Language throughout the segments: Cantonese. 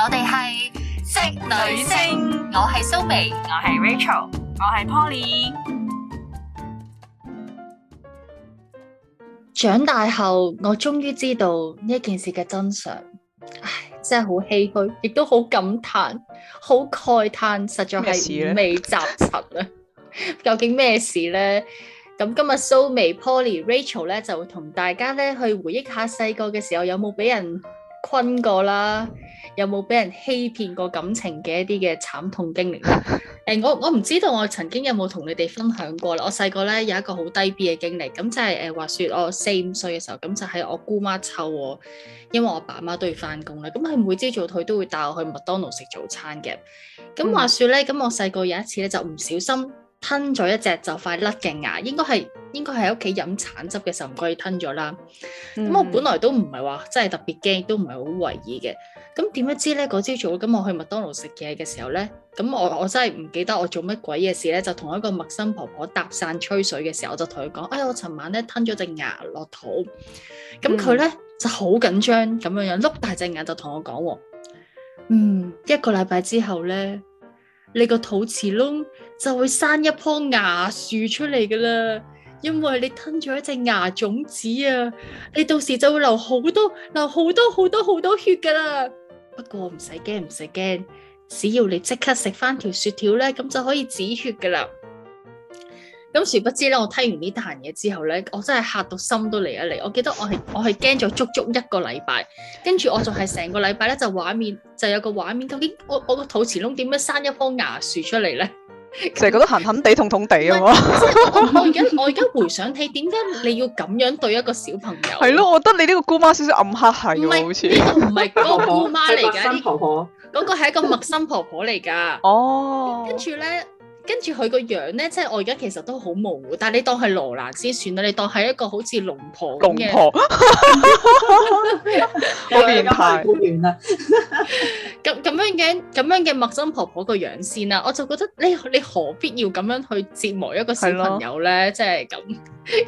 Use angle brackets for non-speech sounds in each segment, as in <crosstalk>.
我哋係職女聲，我係蘇眉，我係 Rachel，我係 Polly。長大後，我終於知道呢件事嘅真相，唉，真係好唏噓，亦都好感嘆，好慨嘆，實在係五味雜陳啊！究竟咩事呢？咁 <laughs> 今日蘇眉、Polly、Rachel 咧，就同大家咧去回憶下細個嘅時候有冇俾人坤過啦，有冇俾人欺騙過感情嘅一啲嘅慘痛經歷咧？誒、 <laughs> 呃，我我唔知道，我曾經有冇同你哋分享過啦。我細個咧有一個好低 B 嘅經歷，咁就係、是、誒、呃、話説我四五歲嘅時候，咁就係我姑媽湊我，因為我爸媽都要翻工咧，咁佢每朝早佢都會帶我去麥當勞食早餐嘅。咁話説咧，咁、嗯、我細個有一次咧就唔小心，吞咗一隻就快甩嘅牙，應該係應該係喺屋企飲橙汁嘅時候唔覺意吞咗啦。咁我本來都唔係話真係特別驚，都唔係好為意嘅。咁點不知咧，嗰朝早咁我去麥當勞食嘢嘅時候咧，咁我我真係唔記得我做乜鬼嘢事咧，就同一個陌生婆婆搭訕吹水嘅時候，我就同佢講：哎我尋晚咧吞咗隻牙落肚。咁佢咧就好緊張咁樣樣碌大隻眼就同我講：嗯，一個禮拜之後咧，你個肚臍窿，就會生一棵牙樹出嚟噶啦，因為你吞咗一隻牙種子啊，你到時就會流好多流好多好多好多血噶啦。不過唔使驚，唔使驚，只要你即刻食翻條雪條咧，咁就可以止血噶啦。咁殊不知咧，我聽完呢單嘢之後咧，我真係嚇到心都嚟一嚟。我記得我係我係驚咗足足一個禮拜，跟住我就係成個禮拜咧就畫面就有個畫面，究竟我我個肚臍窿點樣生一棵牙樹出嚟咧？成日、嗯、覺得痕痕地痛痛地啊！就是、我而家 <laughs> 我而家回想起，點解你要咁樣對一個小朋友？係咯， <laughs> 我覺得你呢個姑媽少少暗黑係喎，好似是。唔係呢個唔係姑媽嚟㗎，新婆婆嗰、這個係一個陌生婆婆嚟㗎。哦，跟住咧。跟住佢個樣咧，即係我而家其實都好模糊。但係你當係羅蘭先算啦，你當係一個好似龍婆咁嘅，龍婆。咁 <laughs> 咁 <laughs> <laughs> 樣嘅咁 <laughs> <laughs> 樣嘅陌生婆婆個樣先啦，我就覺得你你何必要咁樣去折磨一個小朋友咧？即係咁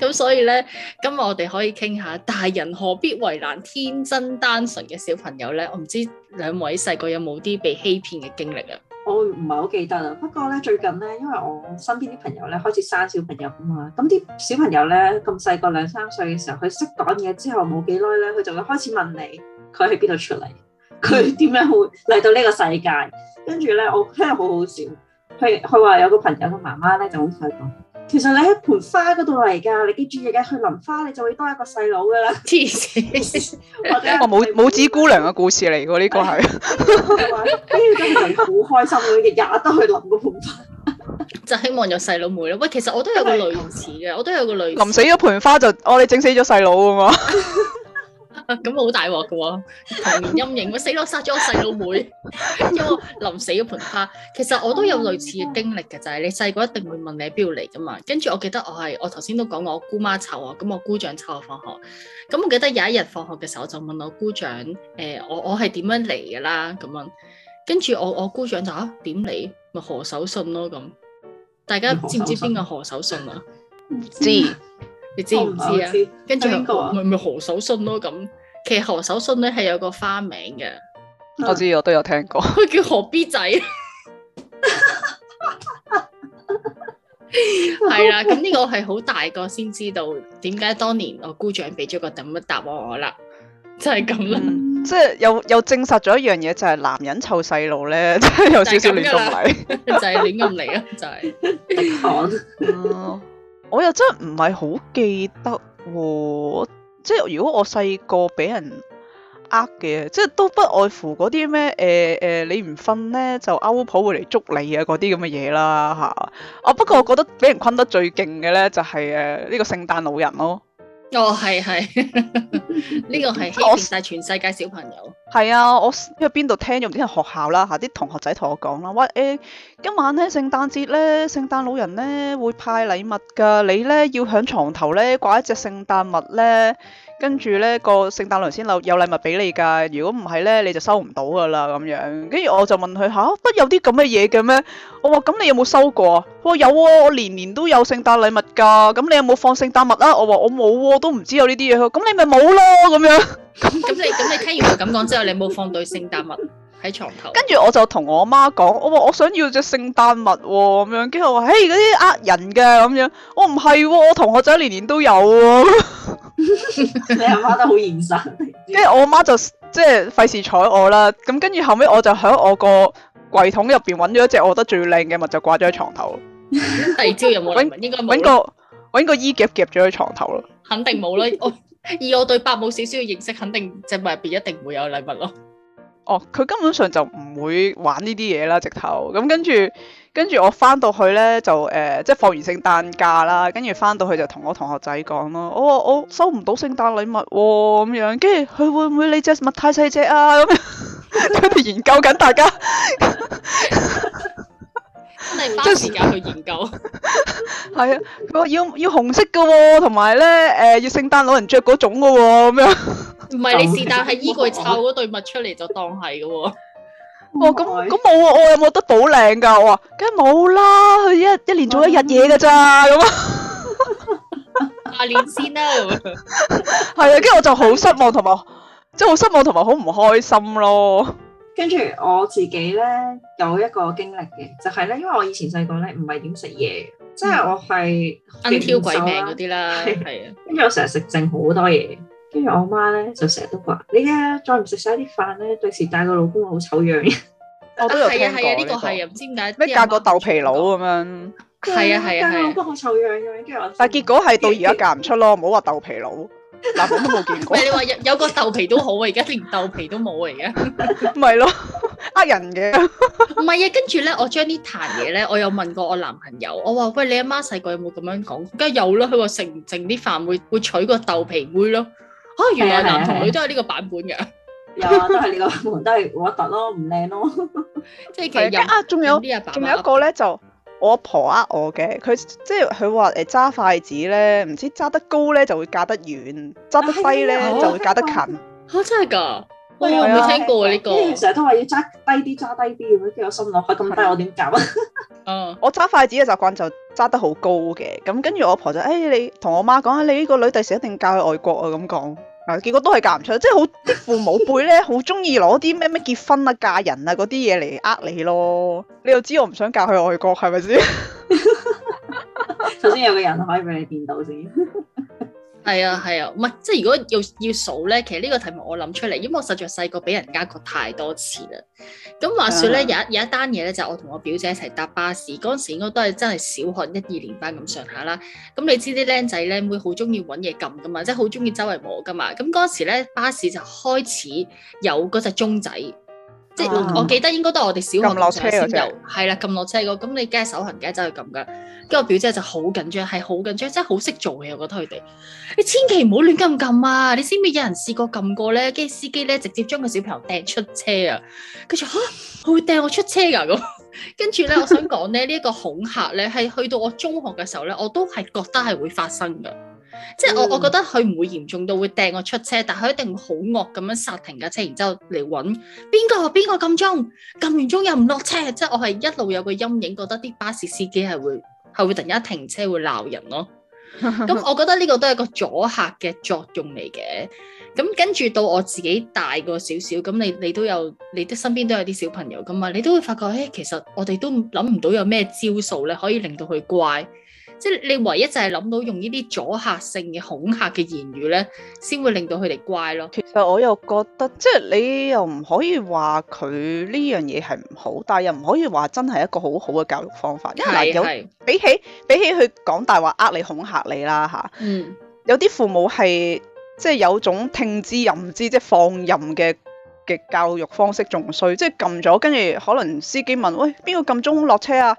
咁， <laughs> <laughs> 所以咧，今日我哋可以傾下大人何必為難天真單純嘅小朋友咧？我唔知兩位細個有冇啲被欺騙嘅經歷啊？我唔係好記得啦，不過咧，最近咧，因為我身邊啲朋友咧，開始生小朋友啊嘛，咁啲小朋友咧，咁細個兩三歲嘅時候，佢識講嘢之後冇幾耐咧，佢就會開始問你佢喺邊度出嚟，佢點樣會嚟到呢個世界，跟住咧我聽得好好笑，佢佢話有個朋友嘅媽媽咧就咁樣講。其實你喺盆花嗰度嚟㗎，你記住嘢嘅去淋花，你就會多一個細佬㗎啦。黐線！我冇拇指姑娘嘅故事嚟喎，呢個係。跟住都係好開心咯，日日 <laughs> 都去淋嗰盆花，就希望有細佬妹咯。喂，其實我都有個類似嘅，我都有個女！淋死咗盆花就、哦、弟弟我哋整死咗細佬㗎嘛！ <laughs> 咁好大鑊嘅喎，童年陰影，死咯！殺咗我細佬妹，妹，因為我臨死一盆花。其實我都有類似嘅經歷嘅，就係、是、你細個一定會問你係邊度嚟嘅嘛。跟住我記得我係我頭先都講過，我姑媽湊啊，咁我姑丈湊我放學。咁我記得有一日放學嘅時候，就問我姑丈誒、欸，我我係點樣嚟嘅啦？咁樣跟住我我姑丈就啊點嚟？咪何守信咯咁。大家知唔知邊個何守信啊？唔 <laughs> 知，道知，你知唔知啊？跟住咪咪何守信咯咁。其實何守信咧係有個花名嘅，mm, 我知我都有聽過，佢叫何 B 仔 bbe bbe 哈哈哈哈，係啦。咁呢個係好大個先知道點解當年我姑丈俾咗個咁嘅答案我啦，嗯，就係咁啦。即係又又證實咗一樣嘢，就係男人湊細路咧，真係有少少亂咁嚟，就係亂咁嚟啊！就係，我又真係唔係好記得喎。即係如果我細個俾人呃嘅，即係都不外乎嗰啲咩誒誒，你唔瞓咧就阿婆會嚟捉你啊，嗰啲咁嘅嘢啦嚇。啊，啊，啊不過我覺得俾人困得最勁嘅咧就係誒呢個聖誕老人咯。哦係係，呢個係欺騙曬全世界小朋友。係 <laughs> 我 <laughs> 啊，我喺邊度聽咗啲唔知係學校啦嚇，啲同學仔同我講啦。喂誒、欸，今晚咧聖誕節咧，聖誕老人咧會派禮物㗎，你咧要喺床頭咧掛一隻聖誕物咧。跟住咧個聖誕佬先有有禮物俾你㗎，如果唔係咧你就收唔到㗎啦咁樣。跟住我就問佢吓，得、啊、有啲咁嘅嘢嘅咩？我話咁、嗯、你有冇收過有啊？佢話有喎，我年年都有聖誕禮物㗎。咁、嗯、你有冇放聖誕物啊？我話我冇喎，都唔知有呢啲嘢。咁你咪冇咯咁樣。咁 <laughs> 你咁你聽完我咁講之後，你有冇放對聖誕物？喺床頭，跟住我就同我媽講，我話我想要隻聖誕襪咁、哦、樣，跟住我話，誒嗰啲呃人嘅咁樣，我唔係、哦，我同學仔年年都有。你阿媽都好現實，跟住我媽就即係費事睬我啦。咁跟住後尾，我就喺我個櫃桶入邊揾咗一隻我覺得最靚嘅襪，就掛咗喺床頭。 <laughs> 第二朝有冇禮物？找應該冇，揾個揾個衣夾夾咗喺床頭咯。肯定冇啦，我以我對伯母少少嘅認識，肯定隻襪入邊一定唔會有禮物咯。哦，佢根本上就唔會玩呢啲嘢啦，直頭咁跟住。跟住我翻到去呢，就誒、呃，即係放完聖誕假啦，跟住翻到去就同我同學仔講咯，我我收唔到聖誕禮物喎、哦、咁樣，跟住佢會唔會你隻物太細隻啊咁樣，佢哋 <laughs> <laughs> 研究緊大家。 <laughs> <laughs> <laughs> 即係時間去研究，係啊！佢話要要紅色噶，同埋咧誒要聖誕老人着嗰種噶，咁樣。唔係，你是但係衣櫃抄嗰對襪出嚟就當係噶。哦，咁咁冇啊！我有冇得保領噶？我話梗係冇啦，佢一一年做一日嘢噶咋咁啊！下年先啦。係啊，跟住我就好失望，同埋即係好失望，同埋好唔開心咯。跟住我自己咧有一個經歷嘅，就係咧，因為我以前細個咧唔係點食嘢，即係我係啲挑鬼命嗰啲啦，係啊。跟住我成日食剩好多嘢，跟住我媽咧就成日都話你啊，再唔食晒啲飯咧，第時帶個老公好醜樣嘅。我都有聽過啊，呢個係唔知點解咩嫁個豆皮佬咁樣。係啊係啊，嫁個老公好醜樣嘅。跟住我，但係結果係到而家嫁唔出咯，唔好話豆皮佬。嗱，我都冇見過。喂，你話有有個豆皮都好啊，而家連豆皮都冇 <laughs> <laughs> 啊。而家唔係咯，呃人嘅。唔係啊，跟住咧，我將呢壇嘢咧，我有問過我男朋友，我話：喂，你阿媽細個有冇咁樣講？梗係有啦，佢話食完剩啲飯會會娶個豆皮妹咯。嚇、啊，原來男同女都係呢個版本嘅。有啊、 <laughs> yeah,，都係呢個都係核突咯，唔靚咯。 <laughs> 即係其實啊，仲 <laughs> 有仲有一個咧就。我阿婆呃我嘅，佢即係佢話誒揸筷子咧，唔知揸得高咧就會嫁得遠，揸得低咧、哎、呀就會嫁得近。嚇真係㗎？我有冇聽過呢個？你講成日都話要揸低啲，揸低啲咁，跟住我心諗嚇咁低、哎、呀我點嫁啊？嗯， <laughs> uh. 我揸筷子嘅習慣就揸得好高嘅，咁跟住我阿婆，婆就誒、欸、你同我媽講下，你呢個女第時一定嫁去外國啊咁講。嗱，結果都係嫁唔出，即係好啲父母輩咧，好鍾意攞啲咩咩結婚啊、嫁人啊嗰啲嘢嚟呃你咯。你又知我唔想嫁去外國，係咪先？首先有個人可以俾你見到先。 <laughs> 係啊係啊，唔係即係如果要要數咧，其實呢個題目我諗出嚟，因為我實在細個俾人呃過太多次啦。咁話說咧的，有一有一單嘢咧，就我同我表姐一齊搭巴士，嗰陣時應該都係真係小學一二年班咁上下啦。咁你知啲僆仔咧會好中意揾嘢撳噶嘛，即係好中意周圍摸噶嘛。咁嗰陣時咧，巴士就開始有嗰隻鐘仔。我記得應該都係我哋小學時候先有，係啦，撳落車嗰，咁你梗係手痕，梗係走去撳㗎。跟住我表姐就好緊張，係好緊張，真係好識做嘅，我覺得佢哋。你千祈唔好亂咁撳啊！你知唔知有人試過撳過咧？跟住司機咧直接將個小朋友掟出車啊！佢就嚇，佢會掟我出車㗎咁。跟住咧，我想講咧呢一個恐嚇咧，係去到我中學嘅時候咧，我都係覺得係會發生㗎。嗯、即係我，我覺得佢唔會嚴重到會掟我出車，但係佢一定好惡咁樣剎停架車，然之後嚟搵邊個邊個撳鐘，撳完鐘又唔落車，即係我係一路有個陰影，覺得啲巴士司機係會係會突然間停車會鬧人咯、哦。咁 <laughs> 我覺得呢個都係個阻嚇嘅作用嚟嘅。咁跟住到我自己大個少少，咁你你都有你身邊都有啲小朋友噶嘛，你都會發覺，誒、哎，其實我哋都諗唔到有咩招數咧，可以令到佢乖。即係你唯一就係諗到用呢啲阻嚇性嘅恐嚇嘅言語咧，先會令到佢哋乖咯。其實我又覺得，即係你又唔可以話佢呢樣嘢係唔好，但係又唔可以話真係一個好好嘅教育方法。因為嗱，有係係比起比起佢講大話呃你恐嚇你啦嚇。啊、嗯。有啲父母係即係有種聽之任之即係放任嘅嘅教育方式仲衰，即係撳咗跟住可能司機問：喂，邊個撳鐘落車啊？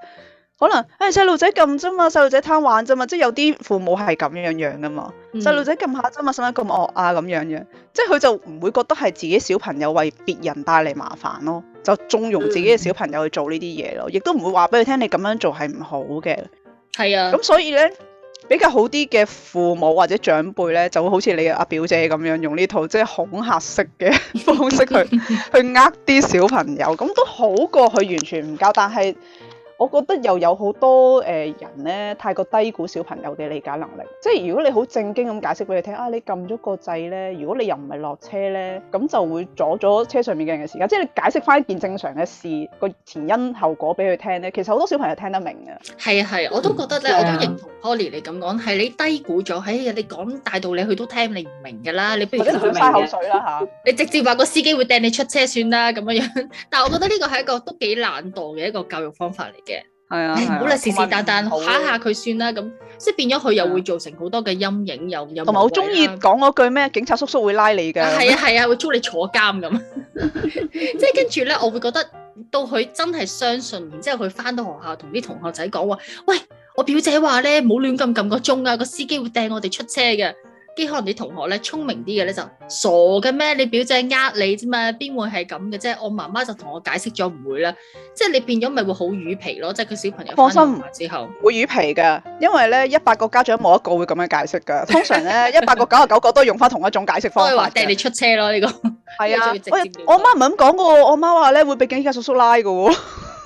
可能誒細路仔撳啫嘛，細路仔貪玩啫嘛，即係有啲父母係咁樣樣噶嘛。細路仔撳下啫嘛，使乜咁惡啊咁樣樣？即係佢就唔會覺得係自己小朋友為別人帶嚟麻煩咯，就縱容自己嘅小朋友去做呢啲嘢咯，嗯、亦都唔會話俾佢聽你咁樣做係唔好嘅。係啊。咁所以咧，比較好啲嘅父母或者長輩咧，就會好似你阿表姐咁樣用呢套即係恐嚇式嘅方式去 <laughs> 去呃啲小朋友，咁都好過佢完全唔教，但係。我覺得又有好多誒人咧，太過低估小朋友嘅理解能力。即係如果你好正經咁解釋俾佢聽啊，你撳咗個掣咧，如果你又唔係落車咧，咁就會阻咗車上面嘅人嘅時間。即係你解釋翻一件正常嘅事，個前因後果俾佢聽咧，其實好多小朋友聽得明嘅。係啊係啊，我都覺得咧，嗯啊、我都認同 Holly 你咁講，係你低估咗喺、哎、你講大道理，佢都聽你唔明㗎啦。你不如唔好嘥口水啦嚇，啊、 <laughs> 你直接話個司機會掟你出車算啦咁樣樣。 <laughs> 但係我覺得呢個係一個都幾懶惰嘅一個教育方法嚟嘅。係啊，好啦， <noise> 是是但但嚇下佢算啦，咁即係變咗佢又會造成好多嘅陰影，又又同埋好中意講嗰句咩，警察叔叔會拉你噶，係啊係啊，啊，啊，會捉你坐監咁。即係 <laughs> <laughs> 跟住咧，我會覺得到佢真係相信，然之後佢返到學校同啲同學仔講話，喂，我表姐話咧，唔好亂咁撳個鐘啊，個司機會掟我哋出車嘅。可能啲同學咧聰明啲嘅咧就傻嘅咩？你表姐呃你啫嘛，邊會係咁嘅啫？我媽媽就同我解釋咗唔會啦，即係你變咗咪會好魚皮咯，即係個小朋友放心，返學之後會魚皮嘅。因為咧一百個家長冇一個會咁樣解釋嘅，通常咧一百個九十九個都用翻同一種解釋方法。都係話掟你出車咯呢、呢個。係啊我，我媽唔係咁講噶，我媽話咧會被警察叔叔拉噶喎、哦，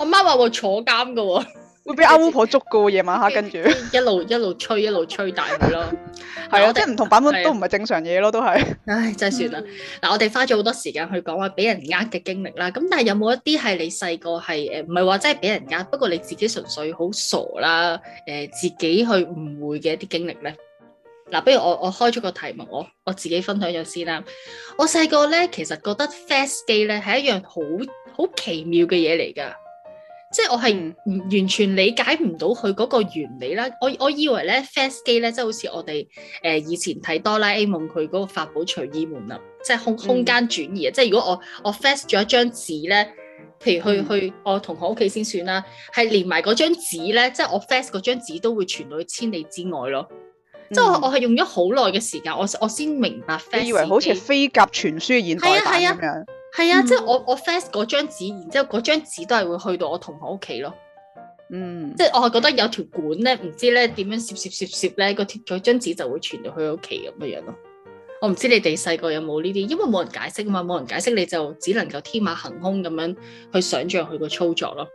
<laughs> 我媽話會坐監噶喎。會俾阿巫婆捉噶喎，夜晚黑跟住一路一路吹，一路吹大佢咯。係 <laughs> <laughs> 啊，即係唔同版本都唔係正常嘢咯，都係。 <laughs> 唉，真係算啦。嗱、嗯，我哋花咗好多時間去講話俾人呃嘅經歷啦。咁但係有冇一啲係你細個係誒唔係話真係俾人呃，不過你自己純粹好傻啦。誒、呃，自己去誤會嘅一啲經歷咧。嗱，不如我我開咗個題目，我我自己分享咗先啦。我細個咧，其實覺得 fast 機咧係一樣好好奇妙嘅嘢嚟噶。即係我係唔完全理解唔到佢嗰個原理啦。我我以為咧，fast 機咧，即係好似我哋誒以前睇哆啦 A 夢佢嗰個法寶隨意門啦，嗯、即係空空間轉移啊。即係如果我我 fast 咗一張紙咧，譬如去去我同學屋企先算啦，係連埋嗰張紙咧，即係我 fast 嗰張紙都會傳到去千里之外咯。嗯、即係我我係用咗好耐嘅時間，我我先明白。fast 以為好似飛鴿傳書現代版咁。係啊，嗯、即係我我 fax 嗰張紙，然之後嗰張紙都係會去到我同學屋企、嗯、咯。嗯，即係我係覺得有條管咧，唔知咧點樣攝攝攝攝咧、那個貼嗰張紙就會傳到去屋企咁嘅樣咯。我唔知你哋細個有冇呢啲，因為冇人解釋啊嘛，冇、嗯、人解釋你就只能夠天馬行空咁樣去想象佢個操作咯。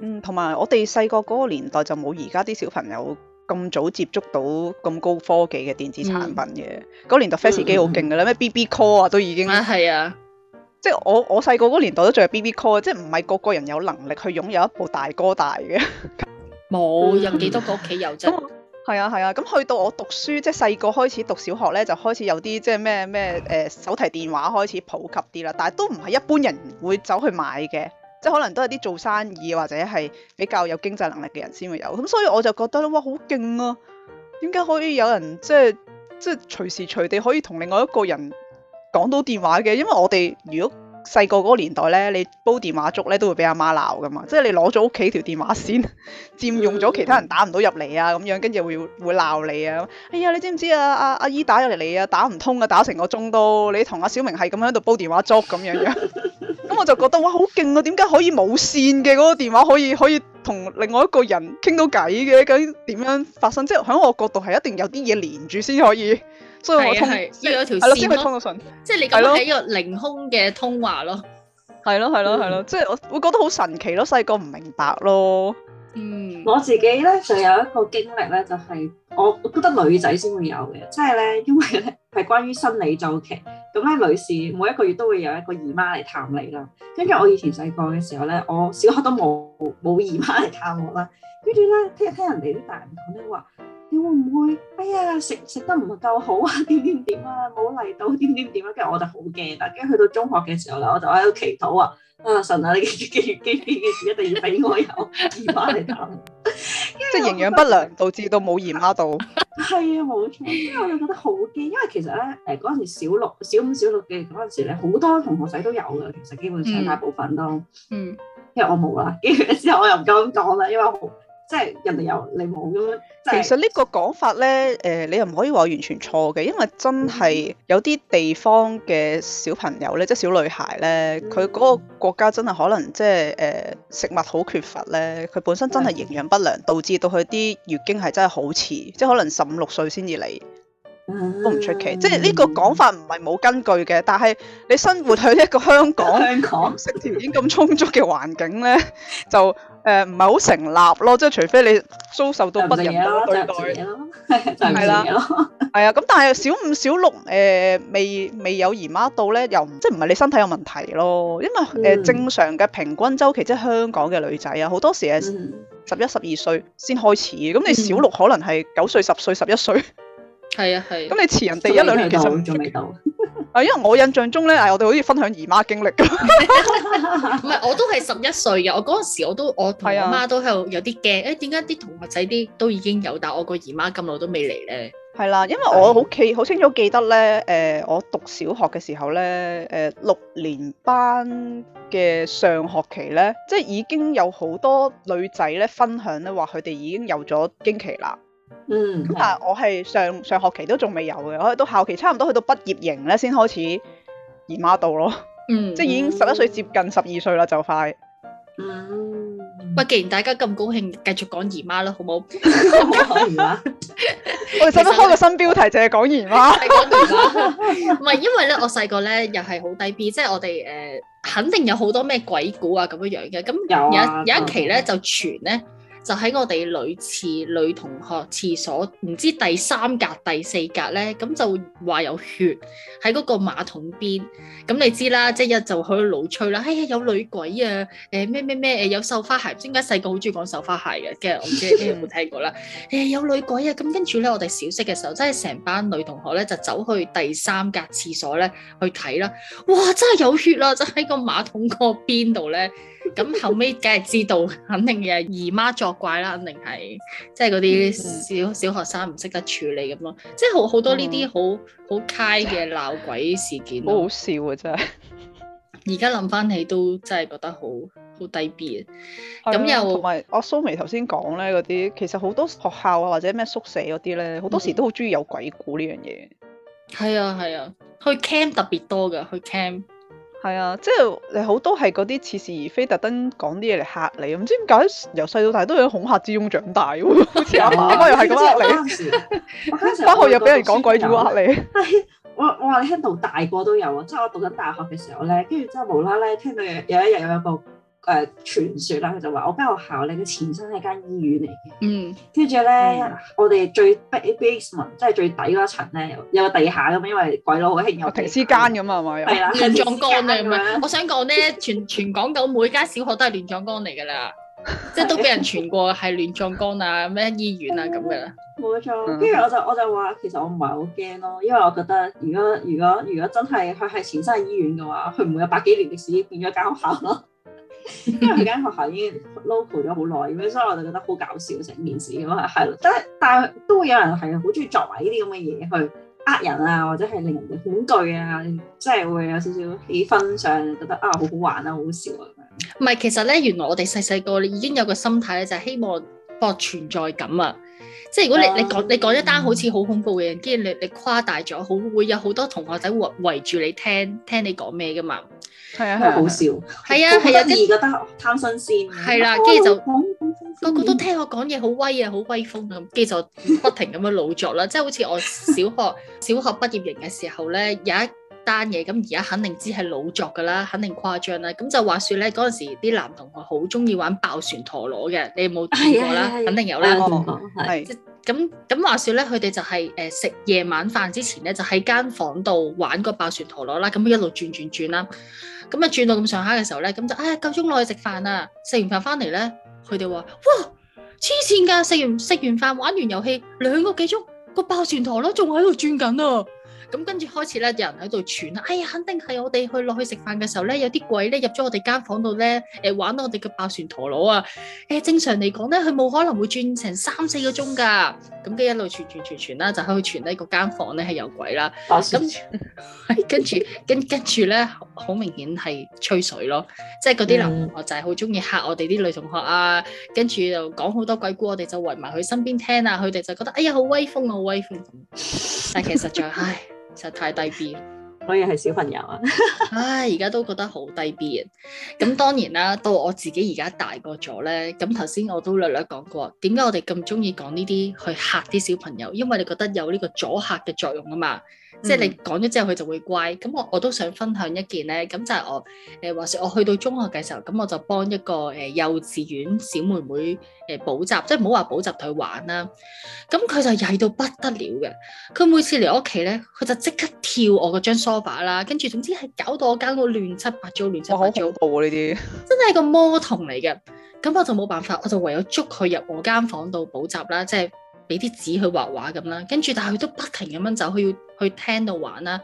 嗯，同埋我哋細個嗰個年代就冇而家啲小朋友咁早接觸到咁高科技嘅電子產品嘅。嗰、嗯、年代 fax 機好勁噶啦，咩 B B call 啊都已經係啊。即係我我細個嗰年代都仲係 B B call，即係唔係個個人有能力去擁有一部大哥大嘅， <laughs> 冇 <laughs> 有幾多個屋企有啫。係啊係啊，咁、啊、去到我讀書，即係細個開始讀小學咧，就開始有啲即係咩咩誒手提電話開始普及啲啦，但係都唔係一般人會走去買嘅，即係可能都係啲做生意或者係比較有經濟能力嘅人先會有。咁所以我就覺得哇，好勁啊，點解可以有人即係即係隨時隨地可以同另外一個人？講到電話嘅，因為我哋如果細個嗰個年代咧，你煲電話粥咧都會俾阿媽鬧噶嘛，即係你攞咗屋企條電話線，佔用咗其他人打唔到入嚟啊，咁樣跟住會會鬧你啊！哎呀，你知唔知啊？阿阿姨打入嚟你啊，打唔通啊，打成個鐘都，你同阿小明係咁喺度煲電話粥咁樣樣，咁 <laughs> 我就覺得哇，好勁啊！點解可以冇線嘅嗰個電話可以可以同另外一個人傾到偈嘅？究竟點樣發生？即係喺我角度係一定有啲嘢連住先可以。所以我通靈，即係有條線通到神咯，即係你咁樣喺一個凌空嘅通話咯，係咯係咯係咯，即係我會覺得好神奇咯，細個唔明白咯。嗯，我自己咧就有一個經歷咧，就係我覺得女仔先會有嘅，即係咧，因為咧係關於生理週期，咁咧女士每一個月都會有一個姨媽嚟探你啦。跟住我以前細個嘅時候咧，我小學都冇冇姨媽嚟探我啦。跟住咧聽聽人哋啲大人講咧話，你會唔會，哎呀，食食得唔夠好咪咪咪咪啊？點點點啊，冇嚟到點點點啊，跟住我就好驚啦。跟住去到中學嘅時候啦，我就喺度祈禱啊，啊神啊！你記住，基基天嘅事一定要俾我有姨媽嚟打，即係營養不良導 <laughs> 致到冇姨媽到係啊，冇錯、 <laughs> 嗯嗯。因為我就覺得好驚，因為其實咧誒嗰陣時小六小五小六嘅嗰陣時咧，好多同學仔都有嘅。其實基本上大部分都，嗯，因為我冇啦。跟住之後我又唔夠膽講啦，因為即係人哋有，你冇咁咯。其實呢個講法呢，誒、呃、你又唔可以話完全錯嘅，因為真係有啲地方嘅小朋友咧，即係小女孩呢，佢嗰個國家真係可能即係誒食物好缺乏呢，佢本身真係營養不良，導致到佢啲月經係真係好遲，即係可能十五六歲先至嚟。都唔出奇，即係呢個講法唔係冇根據嘅，但係你生活喺一個香港、香港食條件咁充足嘅環境咧，就誒唔係好成立咯。即係除非你遭受到不人道對待，係啦，係啊。咁的 <laughs> 但係小五、小六誒、呃、未未有姨媽到咧，又唔即係唔係你身體有問題咯？因為誒、嗯呃、正常嘅平均周期即係香港嘅女仔啊，好多時係十一、十二歲先開始。咁、嗯嗯、你小六可能係九歲、十歲、十一歲。係啊係，咁、啊、你遲人哋一兩年其實仲未到，啊， <laughs> 因為我印象中咧，誒，我哋好似分享姨媽經歷，唔係，我都係十一歲嘅，我嗰陣時我都我同阿媽都喺度有啲驚，誒、啊，點解啲同學仔啲都已經有，但我個姨媽咁耐都未嚟咧？係啦、啊，因為我好記，好清楚記得咧，誒、呃，我讀小學嘅時候咧，誒、呃，六年班嘅上學期咧，即係已經有好多女仔咧分享咧話佢哋已經有咗經期啦。嗯，咁但係我係上上學期都仲未有嘅，我係到校期差唔多去到畢業營咧，先開始姨媽到咯。嗯，即係已經十一歲接近十二歲啦，就快。嗯，喂，既然大家咁高興，繼續講姨媽啦，好唔好？ <laughs> <laughs> <laughs> 我哋使唔使開個新標題，就係講姨媽？唔 <laughs> 係，因為咧，就是、我細個咧又係好低 B，即係我哋誒，uh, 肯定有好多咩鬼故啊咁樣樣嘅。咁有一有一期咧就傳咧。就喺我哋女廁女同學廁所，唔知第三格第四格咧，咁就話有血喺嗰個馬桶邊。咁你知啦，即係一就去老吹啦，哎呀有女鬼啊，誒咩咩咩，誒、啊、有繡花鞋，唔知點解細個好中意講繡花鞋嘅，跟住我唔知你有冇聽過啦，誒、 <laughs> 哎、有女鬼啊，咁跟住咧我哋小息嘅時候，真係成班女同學咧就走去第三格廁所咧去睇啦，哇真係有血啦，就喺個馬桶個邊度咧。咁後尾梗係知道，肯定又係姨媽作怪啦，肯定係即係嗰啲小、嗯、小學生唔識得處理咁咯，即係好好多呢啲好好 high 嘅鬧鬼事件，好好笑啊！真係，而家諗翻起都真係覺得好好低 b 啊！咁的又同埋阿蘇眉頭先講咧，嗰啲其實好多學校啊或者咩宿舍嗰啲咧，好、嗯、多時都好中意有鬼故呢樣嘢。係啊係啊，去 camp 特別多噶，去 camp。係啊，即係你好多係嗰啲似是而非，特登講啲嘢嚟嚇你，唔知點解由細到大都喺恐嚇之中長大喎，好似阿媽又係咁嚇你。我嗰陣時，學又俾人講鬼故嚇你。我我話你聽到大個都有啊，即係我讀緊大學嘅時候咧，跟住之後無啦啦聽到有一日又有個。誒傳説啦，佢就話我間學校咧，佢前身係間醫院嚟嘅。嗯，跟住咧，我哋最 basement，即係最底嗰層咧，有個地下咁，因為鬼佬好興有停屍間咁啊嘛，有亂葬崗咧。我想講咧，全全港島每間小學都係亂葬崗嚟噶啦，即係都俾人傳過係亂葬崗啊，咩醫院啊咁嘅啦。冇錯，跟住我就我就話，其實我唔係好驚咯，因為我覺得如果如果如果真係佢係前身係醫院嘅話，佢唔會有百幾年歷史變咗間學校咯。 <laughs> 因為佢間學校已經撈陪咗好耐咁樣，所以我就覺得好搞笑成件事咁啊。係咯，但係但係都會有人係好中意作壞呢啲咁嘅嘢去呃人啊，或者係令人嘅恐懼啊，即係會有少少氣氛上覺得啊好好玩啊，好好笑啊咁樣。唔係，其實咧，原來我哋細細個咧已經有個心態咧，就係希望博存在感啊。即係如果你、啊、你講你講一單好似好恐怖嘅嘢，跟住、嗯、你你誇大咗，好會有好多同學仔會圍住你聽聽你講咩噶嘛，係啊係好笑，係啊係啊，啲人覺得貪新鮮，係啦、啊，跟住、啊、就個、哦、個都聽我講嘢好威啊，好威風啊，跟住就不停咁樣老作啦， <laughs> 即係好似我小學小學畢業營嘅時候咧，有一單嘢咁，而家肯定知係老作噶啦，肯定誇張啦。咁就話說咧，嗰陣時啲男同學好中意玩爆旋陀螺嘅，你有冇見過啦？肯定有啦。係咁咁話說咧，佢哋就係誒食夜晚飯之前咧，就喺間房度玩個爆旋陀螺啦。咁一路轉轉轉啦，咁啊轉到咁上下嘅時候咧，咁就唉夠鐘落去食飯啦。食完飯翻嚟咧，佢哋話哇黐線噶，食完食完飯玩完遊戲兩個幾鐘，個個爆旋陀螺仲喺度轉緊啊！咁跟住開始咧，有人喺度傳啦，哎呀，肯定係我哋去落去食飯嘅時候咧，有啲鬼咧入咗我哋間房度咧，誒、呃、玩到我哋嘅爆旋陀螺啊！誒、呃、正常嚟講咧，佢冇可能會轉成三四個鐘㗎。咁佢一路傳傳傳傳啦，就喺度傳、那個、呢個間房咧係有鬼啦。咁跟住跟跟住咧，好明顯係吹水咯，即係嗰啲男同學就係好中意嚇我哋啲女同學啊。嗯、跟住就講好多鬼故，我哋就圍埋佢身邊聽啊。佢哋就覺得哎呀好威風啊，好威風，好威風，但其實就唉～ <laughs> 實太低 B，所以係小朋友啊！ <laughs> 唉，而家都覺得好低 B 啊！咁當然啦，到我自己而家大個咗咧，咁頭先我都略略講過，點解我哋咁中意講呢啲去嚇啲小朋友？因為你覺得有呢個阻嚇嘅作用啊嘛～即係你講咗之後，佢就會乖。咁我我都想分享一件咧，咁就係我誒、呃、話説，我去到中學嘅時候，咁我就幫一個誒、呃、幼稚園小妹妹誒、呃、補習，即係唔好話補習佢玩啦。咁佢就曳到不得了嘅，佢每次嚟我屋企咧，佢就即刻跳我嗰張 sofa 啦，跟住總之係搞到我間屋亂七八糟，亂七八糟。好恐怖呢、啊、啲！真係個魔童嚟嘅，咁我就冇辦法，我就唯有捉佢入我間房度補習啦，即係。俾啲紙去畫畫咁啦，跟住但係佢都不停咁樣走去，佢要去廳度玩啦。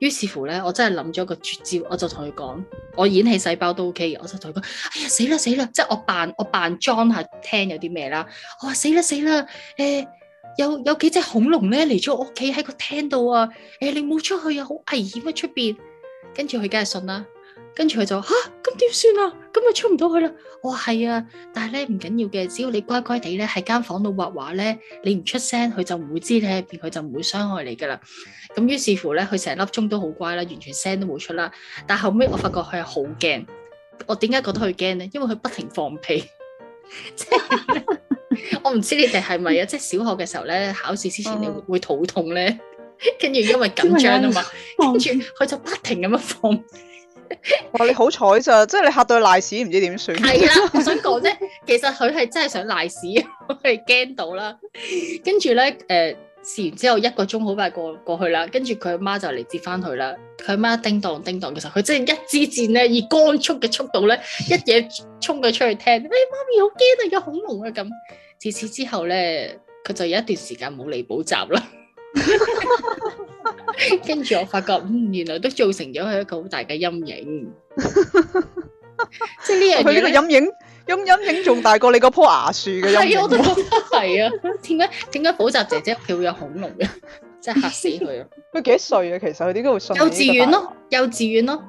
於是乎咧，我真係諗咗個絕招，我就同佢講：我演戲細胞都 OK 嘅。我就同佢講：哎呀死啦死啦！即係我扮我扮裝下廳有啲咩啦。我話死啦死啦，誒、欸、有有幾隻恐龍咧嚟咗我屋企喺個廳度啊！誒、欸、你冇出去啊，好危險喺出邊。跟住佢梗係信啦。跟住佢就話吓，咁點算啊？咁咪出唔到去啦！我話係啊，但係咧唔緊要嘅，只要你乖乖地咧喺間房度畫畫咧，你唔出聲，佢就唔會知你入邊，佢就唔會傷害你噶啦。咁於是乎咧，佢成粒鐘都好乖啦，完全聲都冇出啦。但後尾我發覺佢係好驚。我點解覺得佢驚咧？因為佢不停放屁。我唔知你哋係咪啊？即係小學嘅時候咧，考試之前你會肚痛咧，跟住因為緊張啊嘛，跟住佢就不停咁樣放。哇！ <laughs> 你好彩咋，即係你嚇到佢瀨屎，唔知點算。係啦， <laughs> 我想講啫，其實佢係真係想瀨屎，我係驚到啦。跟住咧，誒，試完之後一個鐘好快過過去啦，跟住佢阿媽就嚟接翻佢啦。佢阿媽叮當叮當，嘅時候，佢真係一支箭咧，以光速嘅速度咧，一嘢衝佢出去聽。哎，媽咪好驚啊，有恐龍啊咁。自此，此之後咧，佢就有一段時間冇嚟補習啦。跟住我發覺，嗯，原來都造成咗佢一個好大嘅陰影，即係呢樣嘢嘅陰影，陰陰影仲大過你嗰棵牙樹嘅陰影。係啊，我都覺得係啊，點解點解補習姐姐屋企會有恐龍嘅？真係嚇死佢啊！佢幾歲啊？其實佢點解會信？幼稚園咯，幼稚園咯，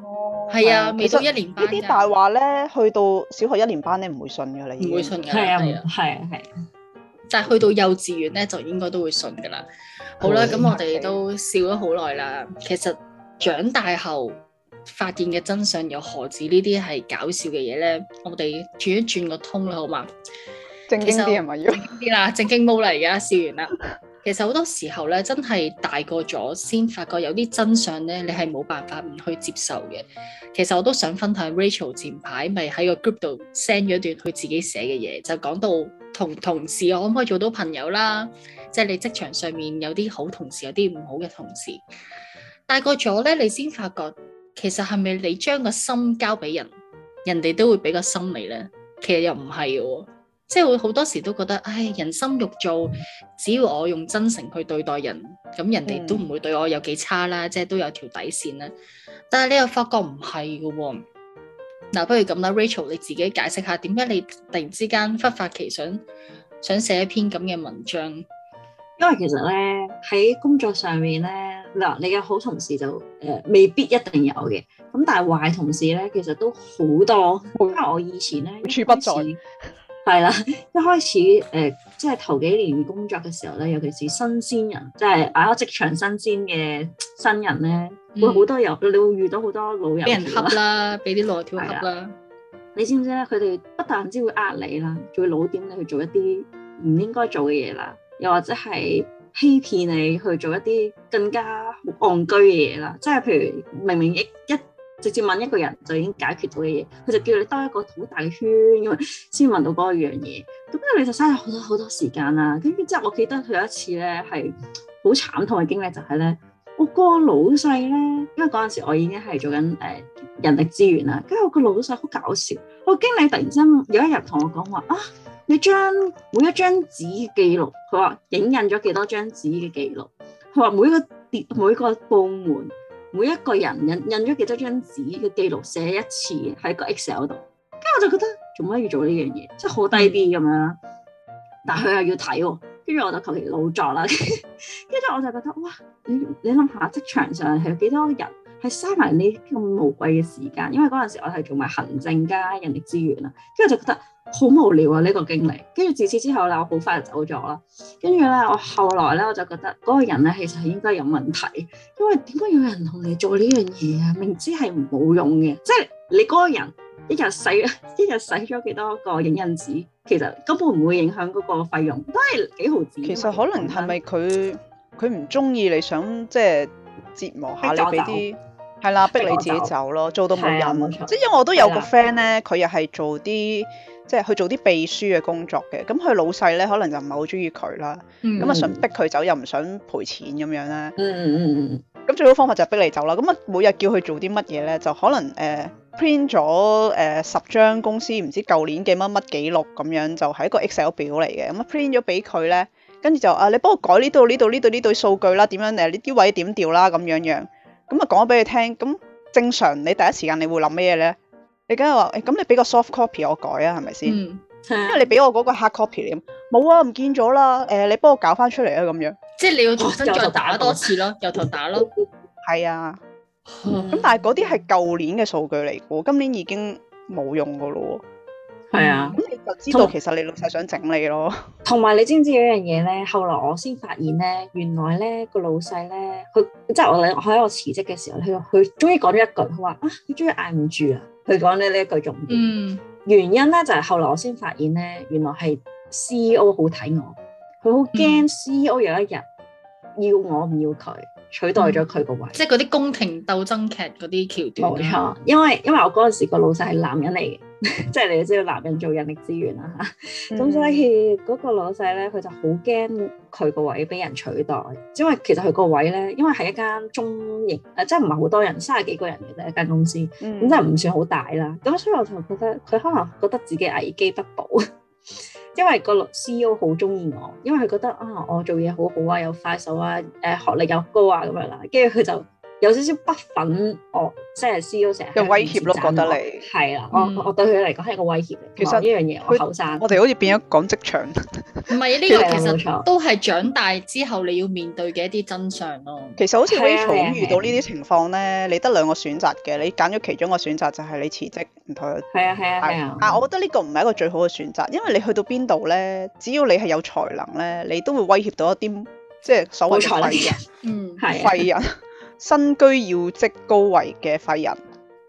係啊，未到一年班。呢啲大話咧，去到小學一年班你唔會信噶，你唔會信噶，係啊，係啊，係。但係去到幼稚園咧，就應該都會信噶啦。好啦，咁、嗯、我哋都笑咗好耐啦。嗯、其實長大後發現嘅真相又何止呢啲係搞笑嘅嘢咧？我哋轉一轉個 tone 啦，好嘛？正經啲人咪要正經啲啦，正經冇嚟而家笑完啦。 <laughs> 其實好多時候咧，真係大個咗先發覺有啲真相咧，你係冇辦法唔去接受嘅。其實我都想分享 Rachel 前排咪喺個 group 度 send 咗一段佢自己寫嘅嘢，就講到。同同事，我可唔可以做到朋友啦？即係你職場上面有啲好同事，有啲唔好嘅同事。大個咗呢，你先發覺其實係咪你將個心交俾人，人哋都會俾個心你呢？其實又唔係嘅喎，即係會好多時都覺得，唉，人心肉做，只要我用真誠去對待人，咁人哋都唔會對我有幾差啦，嗯、即係都有條底線啦。但係你又發覺唔係嘅喎。嗱，不如咁啦，Rachel，你自己解釋下點解你突然之間忽發奇想，想寫一篇咁嘅文章？因為其實咧喺工作上面咧，嗱，你嘅好同事就誒、呃、未必一定有嘅，咁但係壞同事咧，其實都好多。我記得我以前咧，無處不在，係啦，一開始誒，即、呃、係、就是、頭幾年工作嘅時候咧，尤其是新鮮人，就是、我即係喺職場新鮮嘅新人咧。會好多油，嗯、你會遇到好多老人俾人恰啦，俾啲老調恰啦。你知唔知咧？佢哋不但止會呃你啦，仲會老點你去做一啲唔應該做嘅嘢啦，又或者係欺騙你去做一啲更加戇居嘅嘢啦。即係譬如明明一一直接問一個人就已經解決到嘅嘢，佢就叫你兜一個好大嘅圈咁樣先問到嗰一樣嘢。咁跟住你就嘥咗好多好多時間啦。跟住之後，我記得佢有一次咧係好慘痛嘅經歷就係咧。我個老細咧，因為嗰陣時我已經係做緊誒人力資源啦，跟住我個老細好搞笑，我經理突然之間有一日同我講話啊，你將每一張紙嘅記錄，佢話影印咗幾多張紙嘅記錄，佢話每個每個部門每一個人印印咗幾多張紙嘅記錄寫一次喺個 Excel 度，跟住我就覺得做乜要做呢樣嘢，即係好低啲咁樣，但係佢又要睇喎、哦。跟住我就求其老作啦，跟 <laughs> 住我就覺得哇，你你諗下職場上係有幾多人係嘥埋呢咁無謂嘅時間，因為嗰陣時我係做埋行政加人力資源啊，跟住就覺得好無聊啊呢、這個經歷。跟住自此之後咧，我好快就走咗啦。跟住咧，我後來咧我就覺得嗰個人咧其實係應該有問題，因為點解有人同你做呢樣嘢啊？明知係冇用嘅，即、就、係、是、你嗰個人。一日使，一日使咗幾多個影印紙，其實根本唔會影響嗰個費用，都係幾毫紙。其實可能係咪佢，佢唔中意你想即係折磨下 <noise> 你俾啲？係啦，逼你自己走咯，做到冇人，的即係因為我都有個 friend 咧，佢又係做啲即係去做啲秘書嘅工作嘅，咁佢老細咧可能就唔係好中意佢啦，咁啊、嗯、想逼佢走又唔想賠錢咁樣咧，咁、嗯、最好方法就係逼你走啦，咁啊每日叫佢做啲乜嘢咧，就可能誒、呃、print 咗誒、呃、十張公司唔知舊年嘅乜乜記錄咁樣，就係、是、一個 Excel 表嚟嘅，咁、嗯、啊 print 咗俾佢咧，跟住就啊你幫我改呢度呢度呢度呢對數據啦，點樣誒呢啲位點調啦咁樣樣。咁啊，講咗俾佢聽，咁正常你第一時間你會諗咩嘢咧？你梗係話，誒、欸、咁你俾個 soft copy 我改、嗯、啊，係咪先？因為你俾我嗰個 hard copy 你，冇啊，唔見咗啦。誒、呃，你幫我搞翻出嚟啊，咁樣。即係你要重新再打多次咯、哦，由頭打咯。係 <laughs> 啊。咁、 <laughs> 嗯、但係嗰啲係舊年嘅數據嚟嘅喎，今年已經冇用嘅咯喎。係啊，咁、嗯嗯、你就知道同其實你老細想整你咯。同埋你知唔知有一樣嘢咧？後來我先發現咧，原來咧個老細咧，佢即係我喺我辭職嘅時候，佢佢終於講咗一句，佢話啊，佢終於捱唔住啊。佢講咗呢一句重點，嗯、原因咧就係、是、後來我先發現咧，原來係 C E O 好睇我，佢好驚 C E O 有一日要我唔要佢取代咗佢個位、嗯，即係嗰啲宮廷鬥爭劇嗰啲橋段、啊。冇錯，因為因為我嗰陣時個老細係男人嚟嘅。即係 <laughs> 你知道男人做人力資源啦吓，咁所以嗰個老細咧，佢就好驚佢個位俾人取代，因為其實佢個位咧，因為係一間中型誒，即係唔係好多人，三十幾個人嘅啫一間公司，咁、嗯、真係唔算好大啦。咁所以我就覺得佢可能覺得自己危機不保，因為個律 C E O 好中意我，因為佢覺得啊，我做嘢好好啊，有快手啊，誒，學歷又高啊，咁樣啦，跟住佢就。有少少不忿，哦、我即係思 o 成日即係威脅咯，覺得你係啦了、嗯，我我對佢嚟講係一個威脅。其實呢樣嘢，我後生，我哋好似變咗講職場，唔係呢個其實都係長大之後你要面對嘅一啲真相咯、啊。其實好似 Rachel 遇到況呢啲情況咧，你得兩個選擇嘅，你揀咗其中一個選擇就係你辭職唔同。係啊係啊係啊！啊，啊，啊，我覺得呢個唔係一個最好嘅選擇，因為你去到邊度咧，只要你係有才能咧，你都會威脅到一啲即係所謂嘅貴人，嗯，係貴人。 <laughs> 身居要職高位嘅廢人，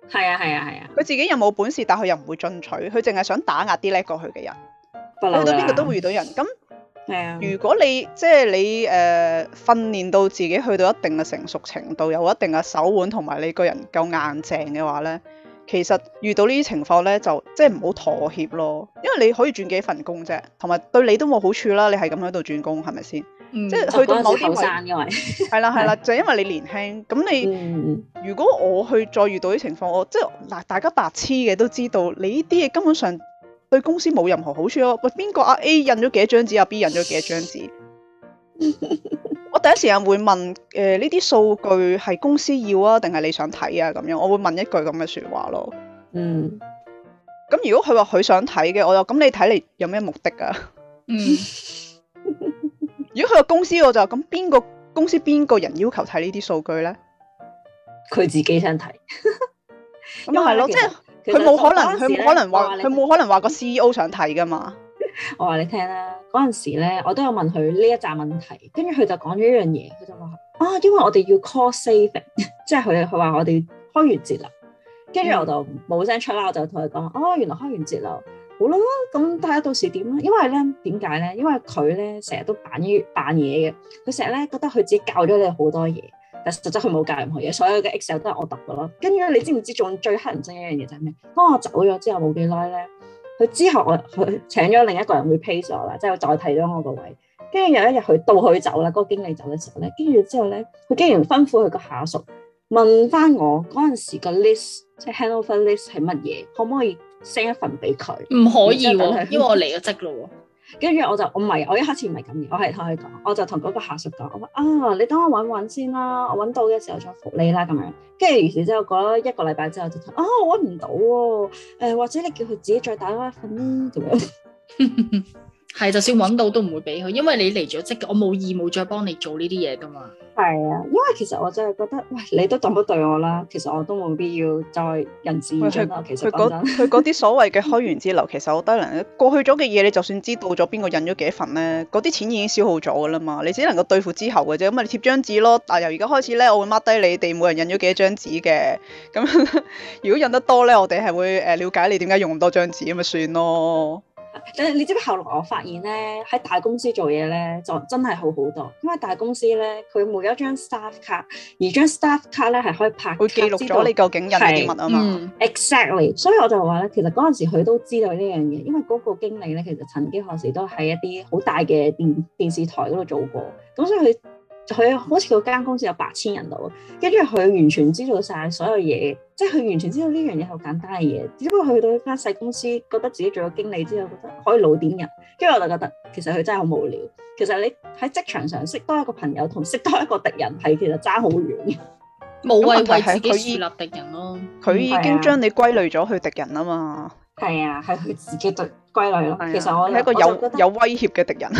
係啊係啊係啊，佢、啊啊、自己又冇本事，但佢又唔會進取，佢淨係想打壓啲叻過佢嘅人。去到邊個都會遇到人。咁，啊、如果你即係、就是、你誒、呃、訓練到自己去到一定嘅成熟程度，有一定嘅手腕同埋你個人夠硬淨嘅話呢。其實遇到呢啲情況呢，就即係唔好妥協咯，因為你可以轉幾份工啫，同埋對你都冇好處啦。你係咁喺度轉工，係咪先？嗯、即係去到某啲位，係啦係啦，就 <laughs> 的因為你年輕。咁你、嗯、如果我去再遇到啲情況，我即係嗱，大家白痴嘅都知道，你呢啲嘢根本上對公司冇任何好處咯。喂，邊個啊 A 印咗幾多張紙，啊 B 印咗幾多張紙？ <laughs> 有時會問誒，呢啲數據係公司要啊，定係你想睇啊？咁樣我會問一句咁嘅說話咯。嗯。咁如果佢話佢想睇嘅，我就咁你睇你有咩目的啊？嗯。 <laughs> 如果佢個公司，我就咁邊個公司邊個人要求睇呢啲數據咧？佢自己想睇。咁啊係咯， <laughs> 呢即係佢冇可能，佢冇可能話，佢冇說可能話個 C E O 想睇噶嘛？我話你聽啦，嗰陣時咧，我都有問佢呢一扎問題，跟住佢就講咗一樣嘢，佢就話啊，因為我哋要 call saving， <laughs> 即係佢佢話我哋開完節流，跟住我就冇聲出啦，我就同佢講啊，原來開完節流好啦，咁睇下到時點啦，因為咧點解咧？因為佢咧成日都扮于扮嘢嘅，佢成日咧覺得佢自己教咗你好多嘢，但實質佢冇教任何嘢，所有嘅 Excel 都係我讀噶咯，跟住咧你知唔知仲最黑人憎一樣嘢就係咩？當我走咗之後冇幾耐咧。佢之後我，我佢請咗另一個人去 replace 咗啦，即係再替咗我個位。跟住有一日佢到佢走啦，嗰、嗰個經理走嘅時候咧，跟住之後咧，佢竟然吩咐佢個下屬問翻我嗰陣時個 list，即係 handover list 係乜嘢，可唔可以 send 一份俾佢？唔可以，因為我離咗職咯。跟住我就，我唔係，我一開始唔係咁嘅，我係同佢講，我就同嗰個下屬講，我話啊，你等我揾揾先啦，我揾到嘅時候再覆你啦，咁樣。跟住完事之後過咗一個禮拜之後就，啊，我揾唔到喎，啊，呃，或者你叫佢自己再打翻一份啦，咁樣。 <laughs> 係，就算揾到都唔會俾佢，因為你離咗職，我冇義務再幫你做呢啲嘢噶嘛。係啊，因為其實我真係覺得，喂，你都咁樣對我啦，其實我都冇必要再人事。佢佢啲所謂嘅開源節流， <laughs> 其實好低能，過去咗嘅嘢，你就算知道咗邊個印咗幾份咧，嗰啲錢已經消耗咗噶啦嘛，你只能夠對付之後嘅啫。咁啊，貼張紙咯，啊由而家開始咧，我會 mark 低你哋每人印咗幾多張紙嘅。咁如果印得多咧，我哋係會誒了解你點解用多張紙咁咪算咯。但係你知唔知後來我發現咧，喺大公司做嘢咧就真係好好多，因為大公司咧佢每一張 staff 卡 st，而張 staff 卡咧係可以拍，佢記錄咗你究竟有咗乜啊嘛。Exactly，所以我就話咧，其實嗰陣時佢都知道呢樣嘢，因為嗰個經理咧其實曾經嗰時都喺一啲好大嘅電電視台嗰度做過，咁所以佢。佢好似嗰間公司有八千人度，跟住佢完全知道晒所有嘢，即係佢完全知道呢樣嘢係好簡單嘅嘢。只不過去到一間細公司，覺得自己做咗經理之後，覺得可以老點人，跟住我就覺得其實佢真係好無聊。其實你喺職場上識多一個朋友同識多一個敵人係其實爭好遠，冇謂為，為自己樹立敵人咯。佢已經將你歸類咗去敵人啊嘛。係啊，係佢自己對歸類咯。其實我係一個有有威脅嘅敵人。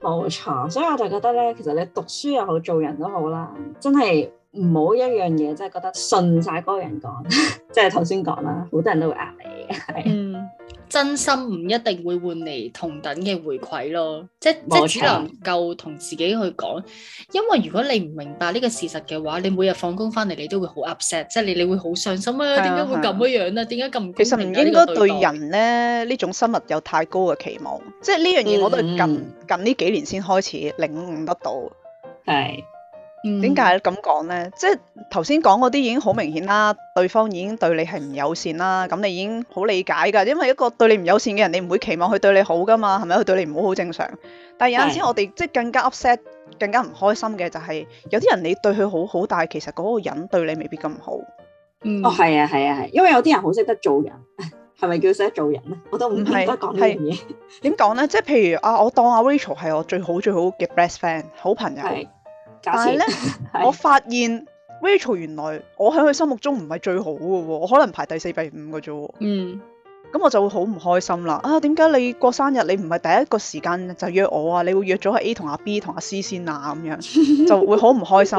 冇 <laughs> 錯，所以我就覺得咧，其實你讀書又好，做人都好啦，真係唔好一樣嘢，真係覺得信晒嗰個人講。即係頭先講啦，好多人都會呃你嘅。真心唔一定會換嚟同等嘅回饋咯，即係冇錯即係只能夠同自己去講，因為如果你唔明白呢個事實嘅話，你每日放工翻嚟你都會好 upset，即係你你會好傷心啊，點解、啊、會咁樣樣啊，點解咁？其實唔應該對,對,對人咧呢種生物有太高嘅期望，即係呢樣嘢我都係近、嗯、近呢幾年先開始領悟得到。係。點解咁講呢？即係頭先講嗰啲已經好明顯啦，對方已經對你係唔友善啦，咁你已經好理解噶。因為一個對你唔友善嘅人，你唔會期望佢對你好噶嘛，係咪？佢對你唔好好正常。但係有陣時我哋即係更加 upset，更加唔開心嘅就係、是、有啲人你對佢好好，但係其實嗰個人對你未必咁好。嗯、哦，係啊，係啊，係、啊，因為有啲人好識得做人，係 <laughs> 咪叫識得做人咧？我都唔記得講呢樣嘢。點講咧？即係譬如啊，我當阿 Rachel 係我最好最好嘅 best friend，好朋友。但係咧， <laughs> 是我發現 Rachel 原來我喺佢心目中唔係最好嘅，我可能排第四、第五嘅啫。嗯，咁我就會好唔開心啦。啊，點解你過生日你唔係第一個時間就約我啊？你會約咗係 A 同阿 B 同阿 C 先啊？咁樣就會好唔開心。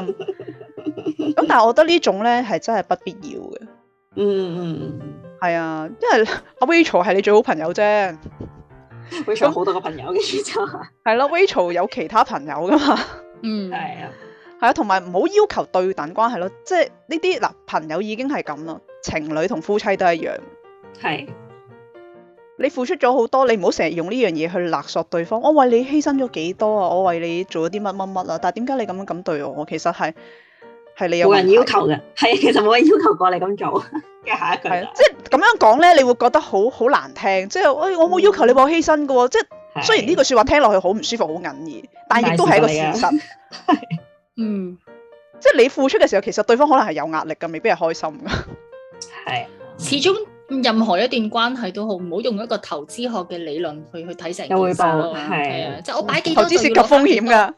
咁 <laughs> 但係我覺得種呢種咧係真係不必要嘅。嗯嗯，嗯，係啊，因為 Rachel、啊、係你最好朋友啫。Rachel 好 <laughs> 多個朋友嘅 Rachel 係咯，Rachel 有其他朋友噶嘛？ <laughs> 嗯，係啊，係 <noise> 啊，同埋唔好要求對等關係咯，即係呢啲嗱朋友已經係咁咯，情侶同夫妻都一樣。係， <noise> 你付出咗好多，你唔好成日用呢樣嘢去勒索對方。我為你犧牲咗幾多啊？我為你做咗啲乜乜乜啊？但係點解你咁樣咁對我？我其實係係你有人要求嘅，係其實冇人要求過你咁做嘅。下一句，即係咁樣講咧，你會覺得好好難聽。即係，哎，我冇要求你為我犧牲嘅喎，即係。哎呃 <noise> <noise> 雖然呢個説話聽落去好唔舒服、好韌耳，但亦都係一個事實。係 <laughs> <laughs> 嗯，即係你付出嘅時候，其實對方可能係有壓力㗎，未必係開心㗎。係， <laughs> 始終任何一段關係都好，唔好用一個投資學嘅理論去去睇成件事咯。會爆，係我擺投資涉及風險㗎，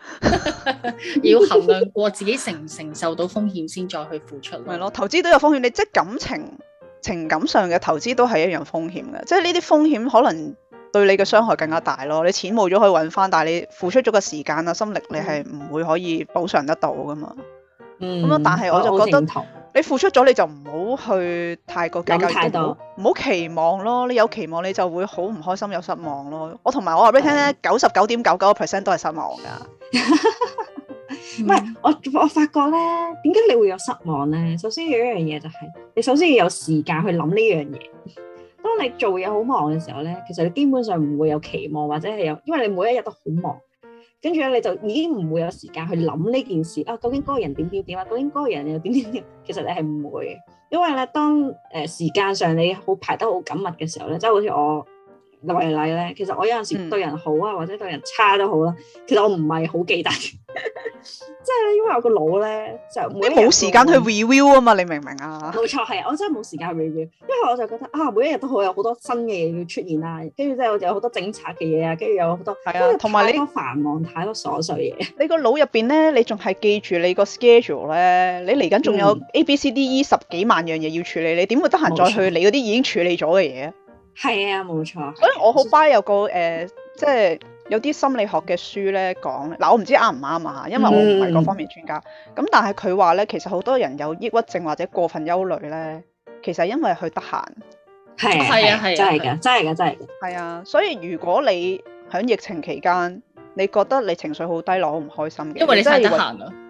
<laughs> 要衡量過自己承唔承受到風險先再去付出。係咯， <laughs> 投資都有風險，你即係感情、情感上嘅投資都係一樣風險㗎。即係呢啲風險可能，對你嘅傷害更加大咯！你錢冇咗可以揾翻，但係你付出咗嘅時間啊、心力，你係唔會可以補償得到噶嘛？咁、嗯、但係我就覺得你付出咗，你就唔好去太過計較，唔好期望咯。你有期望，你就會好唔開心，有失望咯。我同埋我話俾你聽咧，九十九點九九個 percent 都係失望噶。唔係、 <laughs> 嗯，我我發覺咧，點解你會有失望呢？首先有一樣嘢就係、是，你首先要有時間去諗呢樣嘢。當你做嘢好忙嘅時候咧，其實你基本上唔會有期望或者係有，因為你每一日都好忙，跟住咧你就已經唔會有時間去諗呢件事啊、哦。究竟嗰個人點點點啊？究竟嗰個人又點點點？其實你係唔會嘅，因為咧當誒、呃、時間上你好排得好緊密嘅時候咧，即係好似我為例咧，其實我有陣時對人好啊，嗯、或者對人差都好啦。其實我唔係好記得。 <laughs> 即係因為我個腦咧就你冇時間去 review 啊嘛，你明唔明啊？冇錯，係我真係冇時間 review，因為我就覺得啊，每一日都好有好多新嘅嘢要出現啦，跟住即係有好多政策嘅嘢啊，跟住有好多係啊，同埋你繁忙太多瑣碎嘢。你個腦入邊咧，你仲係記住你個 schedule 咧？你嚟緊仲有 A B C D E 十幾萬樣嘢要處理，你點會得閒再去你嗰啲已經處理咗嘅嘢？係啊，冇錯。所以我好 buy 有個誒，即係。有啲心理學嘅書咧講，嗱我唔知啱唔啱啊，因為我唔係各方面專家。咁、嗯、但係佢話咧，其實好多人有抑鬱症或者過分憂慮咧，其實因為佢得閒，係，係啊係啊，真係㗎，真係㗎，真係。係啊，所以如果你喺疫情期間，你覺得你情緒好低落，好唔開心嘅，因為你，你真係得閒啊。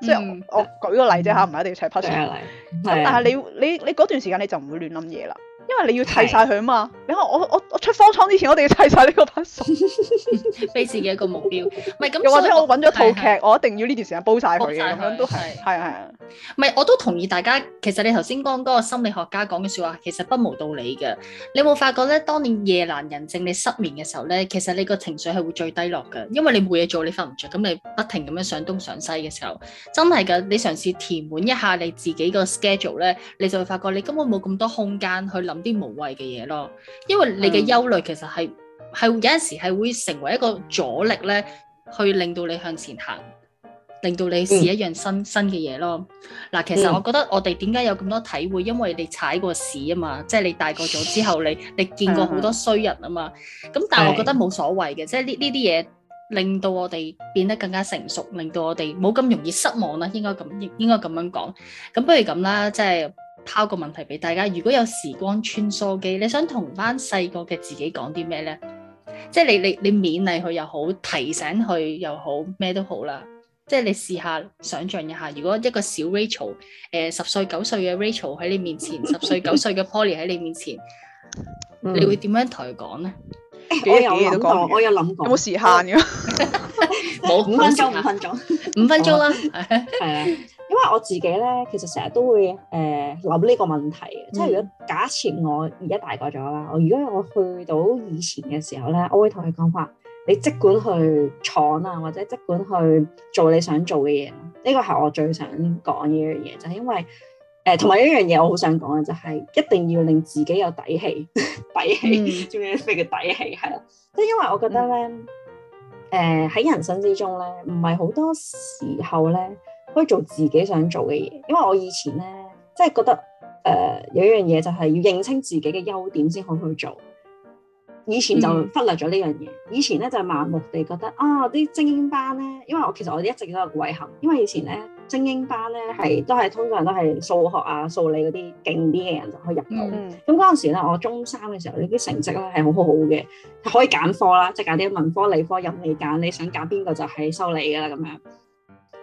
即係、嗯、我，我舉個例啫吓，唔係、嗯、一定要齊拍出嚟。咁心但係你你你嗰段時間你就唔會亂諗嘢啦。因為你要砌晒佢啊嘛，是你睇我我我出方艙之前，我哋要砌晒呢個筆送，俾 <laughs> <laughs> 自己一個目標。唔係咁，又或者我揾咗套劇，是是是我一定要呢段時間煲晒佢咁樣都係是，係啊係啊。唔係，我都同意大家。其實你頭先講嗰個心理學家講嘅説話，其實不無道理嘅。你有冇發覺咧？當你夜闌人靜，你失眠嘅時候咧，其實你個情緒係會最低落嘅，因為你冇嘢做，你瞓唔着。咁你不停咁樣上東上西嘅時候，真係嘅。你嘗試填滿一下你自己個 schedule 咧，你就會發覺你根本冇咁多空間去。諗啲無謂嘅嘢咯，因為你嘅憂慮其實係，係有陣時係會成為一個阻力咧，去令到你向前行，令到你試一樣新、嗯、新嘅嘢咯。嗱，其實我覺得我哋點解有咁多體會，因為你踩過屎啊嘛，即係你大個咗之後，你你見過好多衰人啊嘛。咁、嗯、但係我覺得冇所謂嘅，即係呢呢啲嘢令到我哋變得更加成熟，令到我哋冇咁容易失望啦。應該咁應該咁樣講。咁不如咁啦，即係。拋個問題俾大家，如果有時光穿梭機，你想同翻細個嘅自己講啲咩咧？即係你你你勉勵佢又好，提醒佢又好，咩都好啦。即係你試下想象一下，如果一個小 Rachel，誒十歲九歲嘅 Rachel 喺你面前，十歲九歲嘅 Polly 喺你面前，你會點樣同佢講咧？幾嘢都講，我有諗過，有冇時限噶？冇 <laughs> ，五分鐘，五分鐘，五分鐘啦，係啊。crashes 因為我自己咧，其實成日都會誒諗呢個問題嘅，即係如果假設我而家大個咗啦，我、嗯、如果我去到以前嘅時候咧，我會同佢講話：你即管去闖啊，或者即管去做你想做嘅嘢。呢個係我最想講嘅、就係呃、一樣嘢，就係因為誒同埋一樣嘢，我好想講嘅就係一定要令自己有底氣， <laughs> 底氣，知唔知咩叫底氣？係啦，即係因為我覺得咧，誒喺、嗯呃、人生之中咧，唔係好多時候咧。可以做自己想做嘅嘢，因為我以前咧，即係覺得誒、呃、有一樣嘢就係要認清自己嘅優點先好去做。以前就忽略咗呢樣嘢。嗯、以前咧就係、盲目地覺得啊，啲、哦、精英班咧，因為我其實我哋一直都有個遺憾，因為以前咧精英班咧係都係通常都係數學啊、數理嗰啲勁啲嘅人就可以入到。咁嗰陣時咧，我中三嘅時候，呢啲成績咧係好好嘅，可以揀科啦，即係揀啲文科、理科任你揀，你想揀邊個就係收你噶啦咁樣。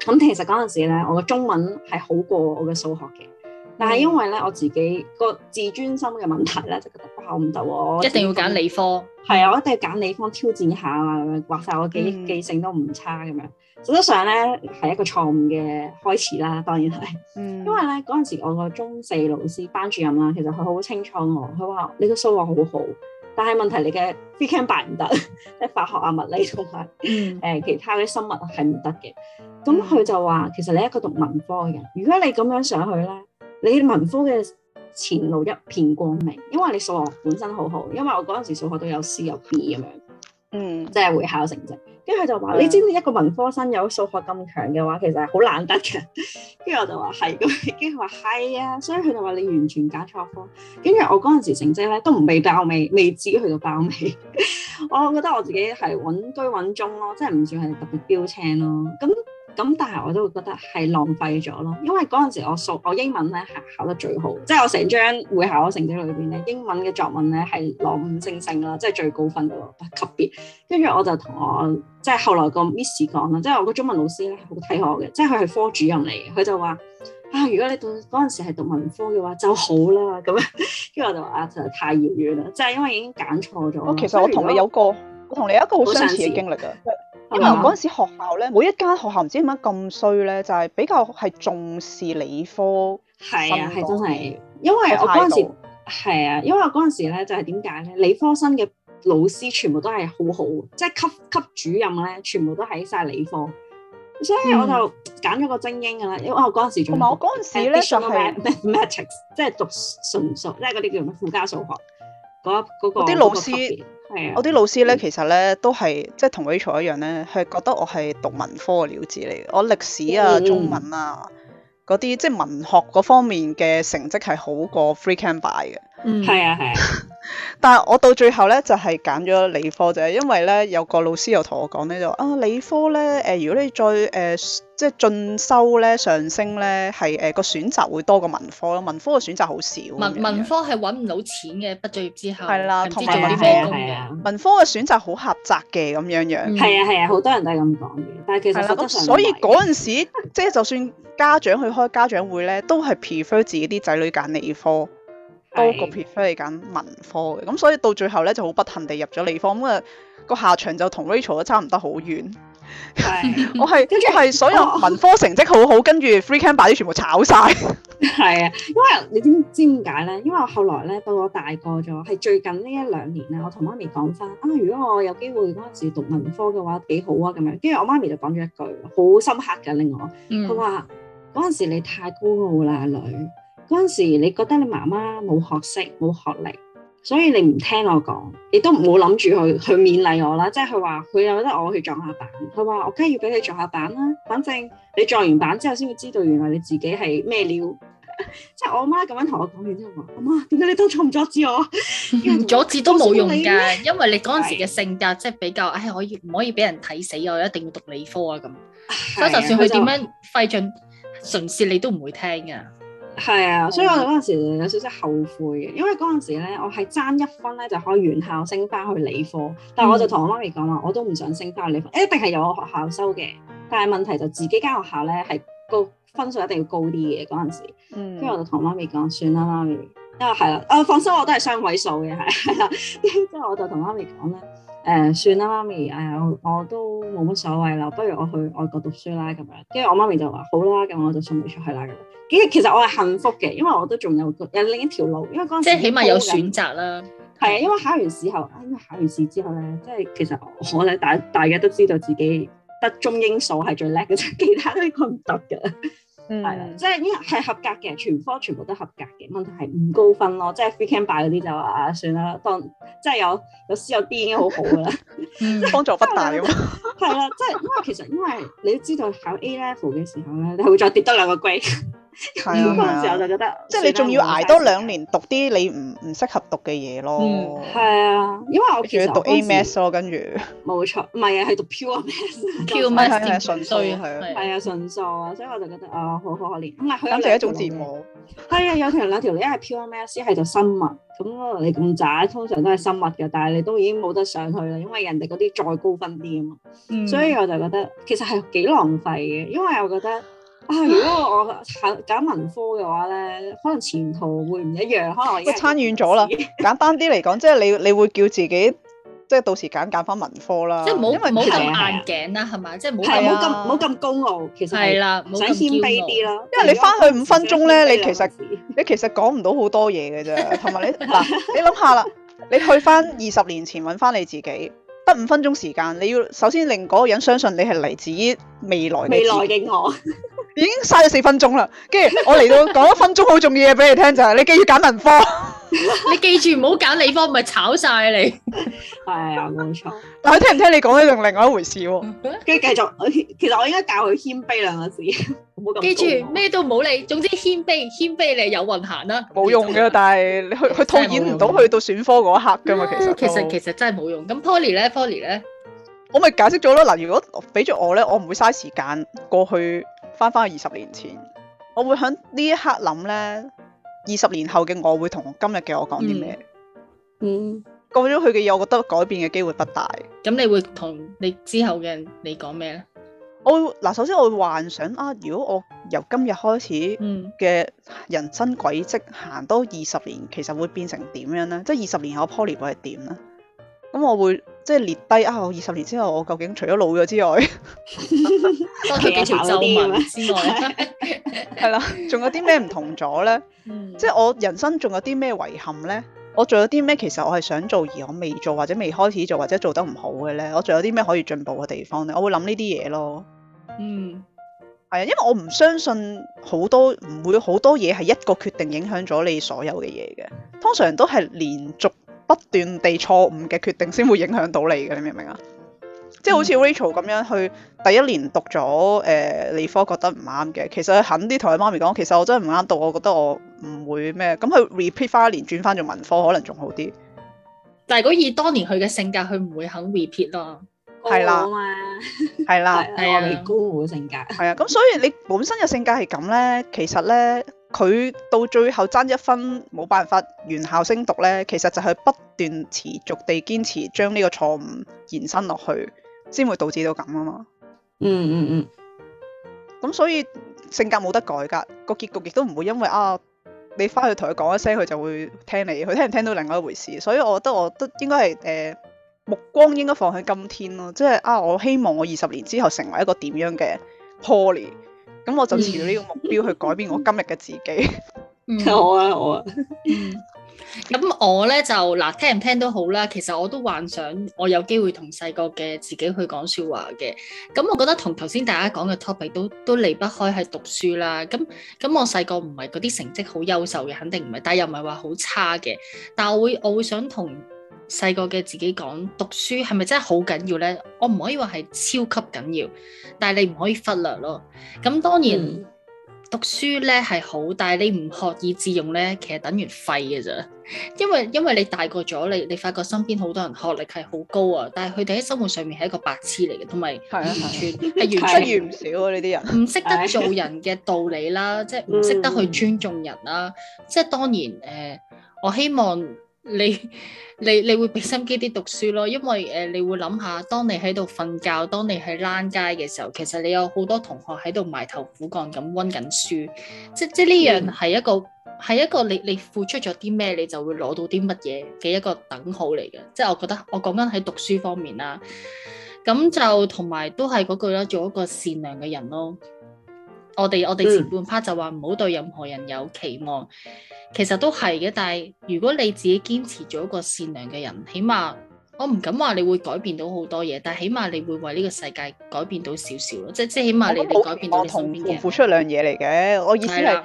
咁其實嗰陣時咧，我嘅中文係好過我嘅數學嘅，但係因為咧我自己個自尊心嘅問題咧，就覺得考唔到喎，得一定要揀理科，係啊，我一定要揀理科挑戰一下啊，咁樣話曬我記記性都唔差咁、嗯、樣，實質上咧係一個錯誤嘅開始啦，當然係，嗯、因為咧嗰陣時我個中四老師班主任啦，其實佢好清楚我，佢話你個數學好好。但係問題嚟嘅，A can 白唔得，即係化學啊、物理同埋、呃、其他嗰啲生物係唔得嘅。咁佢就話，其實你一個讀文科嘅人，如果你咁樣上去咧，你文科嘅前路一片光明，因為你數學本身好好，因為我嗰陣時數學都有 C 有 B 咁樣。嗯，即係會考成績，跟住佢就話、嗯、你知唔知一個文科生有數學咁強嘅話，其實係好難得嘅。跟 <laughs> 住我就話係，咁跟住佢話係啊，所以佢就話你完全揀錯科。跟住我嗰陣時成績咧都唔未爆尾，未至於去到爆尾。 <laughs> 我覺得我自己係穩居穩中咯，即係唔算係特別標青咯。咁咁，但係我都會覺得係浪費咗咯。因為嗰陣時我數，我英文咧係考得最好，即係我成張會考嘅成績裏邊咧，英文嘅作文咧係攞五星星啦，即係最高分嘅咯級別。跟住我就同我即係後來個 Miss 講啦，即係我個中文老師咧好睇我嘅，即係佢係科主任嚟嘅，佢就話。啊！如果你到嗰陣時係讀文科嘅話，就好啦。咁，跟住我就話啊，太遙遠啦，即係因為已經揀錯咗。我其實我同你有個，我同你有一個好果相似嘅經歷啊。因為我嗰陣時學校咧，每一間學校唔知點解咁衰咧，就係比較係重視理科。係啊，係真係，因為我嗰陣時係啊，因為我嗰時咧就係點解咧？理科生嘅老師全部都係好好，即係級級主任咧，全部都喺晒理科。所以我就揀咗個精英㗎啦，因為我嗰陣時同埋我嗰陣時咧就係 mathematics 即係讀純數，即係嗰啲叫附加數學。嗰嗰、那個我啲老師，啊、我啲老師咧其實咧都係即係、就、同、是、Rachel 一樣咧，係覺得我係讀文科嘅料子嚟嘅。我歷史啊、中文啊嗰啲、嗯，即係文學嗰方面嘅成績係好過 free c a n buy 嘅。Bu 嗯，係啊，係啊。 <laughs> 但係我到最後咧就係揀咗理科，就係因為咧有個老師又同我講咧就話啊，理科咧誒、呃、如果你再誒、呃、即係進修咧上升咧係誒個選擇會多過文科咯，文科嘅選擇好少文文科係搵唔到錢嘅，畢咗業之後係啦，同埋文科嘅選擇好狹窄嘅咁樣樣係啊係啊好、嗯、多人都係咁講嘅，但係其實、啊、實所以嗰陣時 <laughs> 即係就算家長去開家長會咧都係 prefer 自己啲仔女揀理科。是多個 prefer 揀文科嘅，咁所以到最後咧就好不幸地入咗理科，咁、那、啊個下場就同 Rachel 都差唔多好遠。我係我係所有文科成績好好，哦、跟住 free camp 全部炒晒。係啊，因為你知唔知點解咧？因為我後來咧到我大個咗，係最近呢一兩年啊，我同媽咪講翻啊，如果我有機會嗰陣時讀文科嘅話，幾好啊，咁樣。跟住我媽咪就講咗一句好深刻嘅，令我、嗯，佢話嗰陣時你太高傲啦，女。嗰陣時，你覺得你媽媽冇學識、冇學歷，所以你唔聽我講，你都唔好諗住去去勉勵我啦。即係佢話佢又覺得我去撞下板，佢話我梗係要俾你撞下板啦。反正你撞完板之後，先會知道原來你自己係咩料。即 <laughs> 係我媽咁樣同我講完之後，我媽，點解你都阻唔阻止我？唔阻止都冇用㗎， <laughs> 因為你嗰陣時嘅性格即係比較是唉，可以唔可以俾人睇死？我一定要讀理科啊，咁。是所以就算佢點樣費盡唇舌， <laughs> 你都唔會聽㗎。係啊，所以我哋嗰陣時有少少後悔嘅，因為嗰陣時咧，我係爭一分咧就可以原校升翻去理科，但係我就同我媽咪講話，我都唔想升翻去理科，一定係由我學校收嘅，但係問題就自己間學校咧係個分數一定要高啲嘅嗰陣時，嗯，跟住我就同媽咪講算啦，媽咪，啊，啊係啦，啊放心，我都係雙位數嘅，係係啦，跟 <laughs> 住我就同媽咪講咧。誒、呃、算啦，媽咪，誒、呃、我都冇乜所謂啦，不如我去外國讀書啦咁樣，跟住我媽咪就話好啦，咁我就送你出去啦咁樣，跟住其實我係幸福嘅，因為我都仲有有另一條路，因為嗰陣時即係起碼有選擇啦。係啊，因為考完試後，因為考完試之後咧，即係其實我咧大大家都知道自己得中英數係最叻嘅，其他都應該唔得㗎。係啦，即係已經係合格嘅，全科全部都合格嘅，問題係唔高分咯，即係 free can buy 嗰啲就啊算啦，當即係有有 C 有啲已經好好噶啦，即係幫助不大啊、哦、嘛 <laughs> 。係啦，即係因為其實因為你都知道考 A level 嘅時候咧，你係會再跌多兩個 grade。 <laughs> 嗰陣時我就覺得，即係你仲要捱多兩年讀啲你唔唔適合讀嘅嘢咯。嗯，係啊，因為我仲要讀 A MS a 咯，跟住冇錯，唔係啊，係讀 Pure MS Pure MS 係純粹係啊，係啊，純數啊，所以我就覺得啊，好可憐。咁係佢咁係一種節目，係啊，有條兩條，你一係 Pure MS，一係就生物，咁你咁渣，通常都係生物嘅，但係你都已經冇得上去啦，因為人哋嗰啲再高分啲啊嘛。所以我就覺得其實係幾浪費嘅，因為我覺得。啊！如果我揀文科嘅話咧，可能前途會唔一樣。可能已經差遠咗啦。簡單啲嚟講，即係你你會叫自己即係到時揀揀翻文科啦。即係冇咁戴眼鏡啦，係咪？即係冇咁冇咁高傲，其實係啦，冇咁謙卑啲啦。因為你翻去五分鐘咧，你其實你其實講唔到好多嘢嘅啫。同埋你嗱，你諗下啦，你去翻二十年前揾翻你自己，得五分鐘時間，你要首先令嗰個人相信你係嚟自於未來未來嘅我。已經嘥咗四分鐘啦，跟住我嚟到講一分鐘好重要嘅嘢俾你聽就係，你記住揀文科，你記住唔好揀理科，咪炒晒你係啊，冇錯。但係佢聽唔聽你講咧，仲另外一回事喎。跟住繼續，其實我應該教佢謙卑兩個字，記住咩都冇理，總之謙卑，謙卑你有運行啦。冇用嘅，但係你去去套演唔到去到選科嗰一刻噶嘛，其實其實其實真係冇用。咁 Poly 咧，Poly 咧，我咪解釋咗咯。嗱，如果俾咗我咧，我唔會嘥時間過去。翻翻去二十年前，我會喺呢一刻諗咧，二十年後嘅我會同今日嘅我講啲咩？嗯，過咗佢嘅嘢，我覺得改變嘅機會不大。咁、嗯、你會同你之後嘅你講咩咧？我會嗱，首先我會幻想啊，如果我由今日開始嘅人生軌跡行多二十年，其實會變成點樣咧？即係二十年後 Poly 會係點咧？咁我會。即係列低啊！我二十年之後，我究竟除咗老咗之外，多咗幾條皺紋之外，係啦，仲有啲咩唔同咗咧？即係我人生仲有啲咩遺憾咧？我仲有啲咩其實我係想做而我未做或者未開始做或者做得唔好嘅咧？我仲有啲咩可以進步嘅地方咧？我會諗呢啲嘢咯。嗯，係啊，因為我唔相信好多，唔會好多嘢係一個決定影響咗你所有嘅嘢嘅，通常都係連續。不斷地錯誤嘅決定先會影響到你嘅，你明唔明啊？即係好似 Rachel 咁樣，嗯、去，第一年讀咗誒、呃、理科，覺得唔啱嘅。其實佢肯啲同佢媽咪講，其實我真係唔啱讀，我覺得我唔會咩。咁佢 repeat 翻一年，轉翻做文科，可能仲好啲。但係以當年佢嘅性格，佢唔會肯 repeat 咯。係啦，係、哦啊、啦，係啊，高傲嘅性格。係啊，咁所以你本身嘅性格係咁咧，其實咧。佢到最後爭一分冇辦法原校升讀呢，其實就係不斷持續地堅持將呢個錯誤延伸落去，先會導致到咁啊嘛。嗯嗯嗯。咁所以性格冇得改噶，個結局亦都唔會因為啊，你翻去同佢講一聲，佢就會聽你，佢聽唔聽到另外一回事。所以我覺得我都應該係誒目光應該放喺今天咯，即係啊，我希望我二十年之後成為一個點樣嘅 Poly。咁我就持住呢個目標去改變我今日嘅自己。 <laughs> <laughs> 好啊，好啊。咁 <laughs> <laughs> 我咧就嗱，聽唔聽都好啦。其實我都幻想我有機會同細個嘅自己去講說話嘅。咁我覺得同頭先大家講嘅 topic 都都離不開係讀書啦。咁咁我細個唔係嗰啲成績好優秀嘅，肯定唔係，但係又唔係話好差嘅。但我會我會想同。細個嘅自己講，讀書係咪真係好緊要呢？我唔可以話係超級緊要，但係你唔可以忽略咯。咁當然、嗯、讀書呢係好，但係你唔學以致用呢，其實等於廢嘅啫。因為因為你大個咗，你你發覺身邊好多人學歷係好高啊，但係佢哋喺生活上面係一個白痴嚟嘅，同埋係啊，係完全唔少啊呢啲人，唔識得做人嘅道理啦，是是即係唔識得去尊重人啦。即係、嗯、當然誒，我希望。你你你會俾心機啲讀書咯，因為誒、呃、你會諗下，當你喺度瞓覺，當你喺躝街嘅時候，其實你有好多同學喺度埋頭苦幹咁溫緊書，即即呢樣係一個係、嗯、一,一個你你付出咗啲咩，你就會攞到啲乜嘢嘅一個等號嚟嘅，即係我覺得我講緊喺讀書方面啦，咁就同埋都係嗰句啦，做一個善良嘅人咯。我哋我哋前半 part 就話唔好對任何人有期望，其實都係嘅。但係如果你自己堅持做一個善良嘅人，起碼我唔敢話你會改變到好多嘢，但係起碼你會為呢個世界改變到少少咯。即即起碼你你改變到你身邊嘅付出兩嘢嚟嘅。我意思係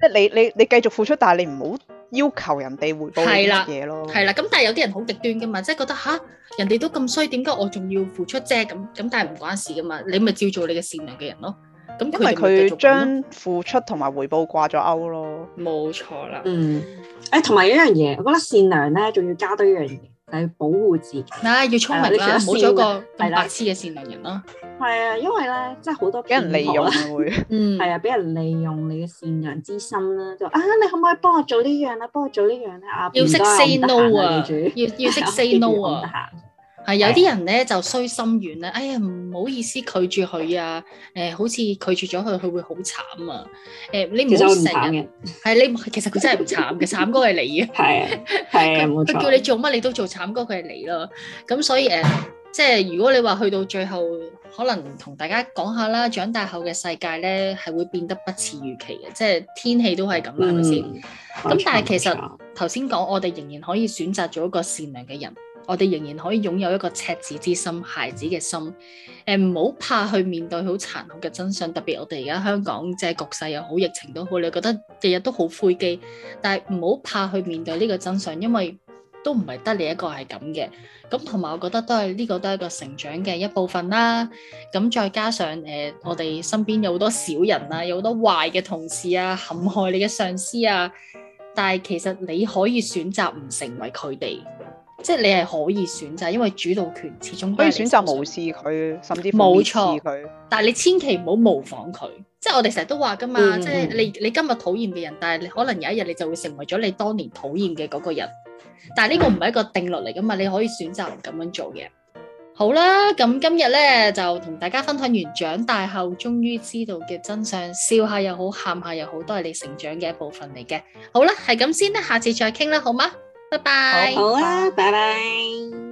即的你你你，你繼續付出，但係你唔好要，要求人哋回報你嘢咯。係啦，咁但係有啲人好極端嘅嘛，即覺得吓、啊、人哋都咁衰，點解我仲要付出啫？咁咁但係唔關事噶嘛，你咪照做你嘅善良嘅人咯。咁因為佢將付出同埋回報掛咗鈎咯，冇錯啦。嗯，誒同埋一樣嘢，我覺得善良咧仲要加多一樣嘢，就係保護自己。嗱，要聰明啦，唔好做一個白痴嘅善良人啦。係啊，因為咧，即係好多俾人利用啊會。嗯，係啊，俾人利用你嘅善良之心啦，就啊，你可唔可以幫我做呢樣啦？幫我做呢樣咧啊，要識 say no 啊，要要識 say no 啊。係有啲人咧就衰心軟啦，哎呀唔好意思拒絕佢啊，誒、呃、好似拒絕咗佢，佢會好慘啊！誒、呃、你唔好成日係你，其實佢真係唔慘嘅，慘 <laughs> 哥係你啊！係啊，係啊冇錯，叫你做乜你都做，慘哥佢係你咯。咁所以誒、呃，即係如果你話去到最後，可能同大家講下啦，長大後嘅世界咧係會變得不似預期嘅，即係天氣都係咁樣先？咁、嗯嗯、但係沒錯 其實頭先講，沒錯 我哋仍然可以選擇做一個善良嘅人。我哋仍然可以擁有一個赤子之心、孩子嘅心，誒唔好怕去面對好殘酷嘅真相。特別我哋而家香港即係局勢又好、疫情都好，你覺得日日都好灰機，但係唔好怕去面對呢個真相，因為都唔係得你一個係咁嘅。咁同埋我覺得都係呢、這個都係一個成長嘅一部分啦。咁再加上誒、呃，我哋身邊有好多小人啊，有好多壞嘅同事啊，陷害你嘅上司啊，但係其實你可以選擇唔成為佢哋。即係你係可以選擇，因為主導權始終可，可以選擇無視佢，甚至無視佢。冇錯，但係你千祈唔好模仿佢。即係我哋成日都話噶嘛，嗯嗯嗯即係你你今日討厭嘅人，但係你可能有一日你就會成為咗你當年討厭嘅嗰個人。但係呢個唔係一個定律嚟噶嘛，你可以選擇唔咁樣做嘅。嗯、好啦，咁今日咧就同大家分享完長大後終於知道嘅真相，笑下又好，喊下又好，都係你成長嘅一部分嚟嘅。好啦，係咁先啦，下次再傾啦，好嗎？拜拜，好啊，拜拜。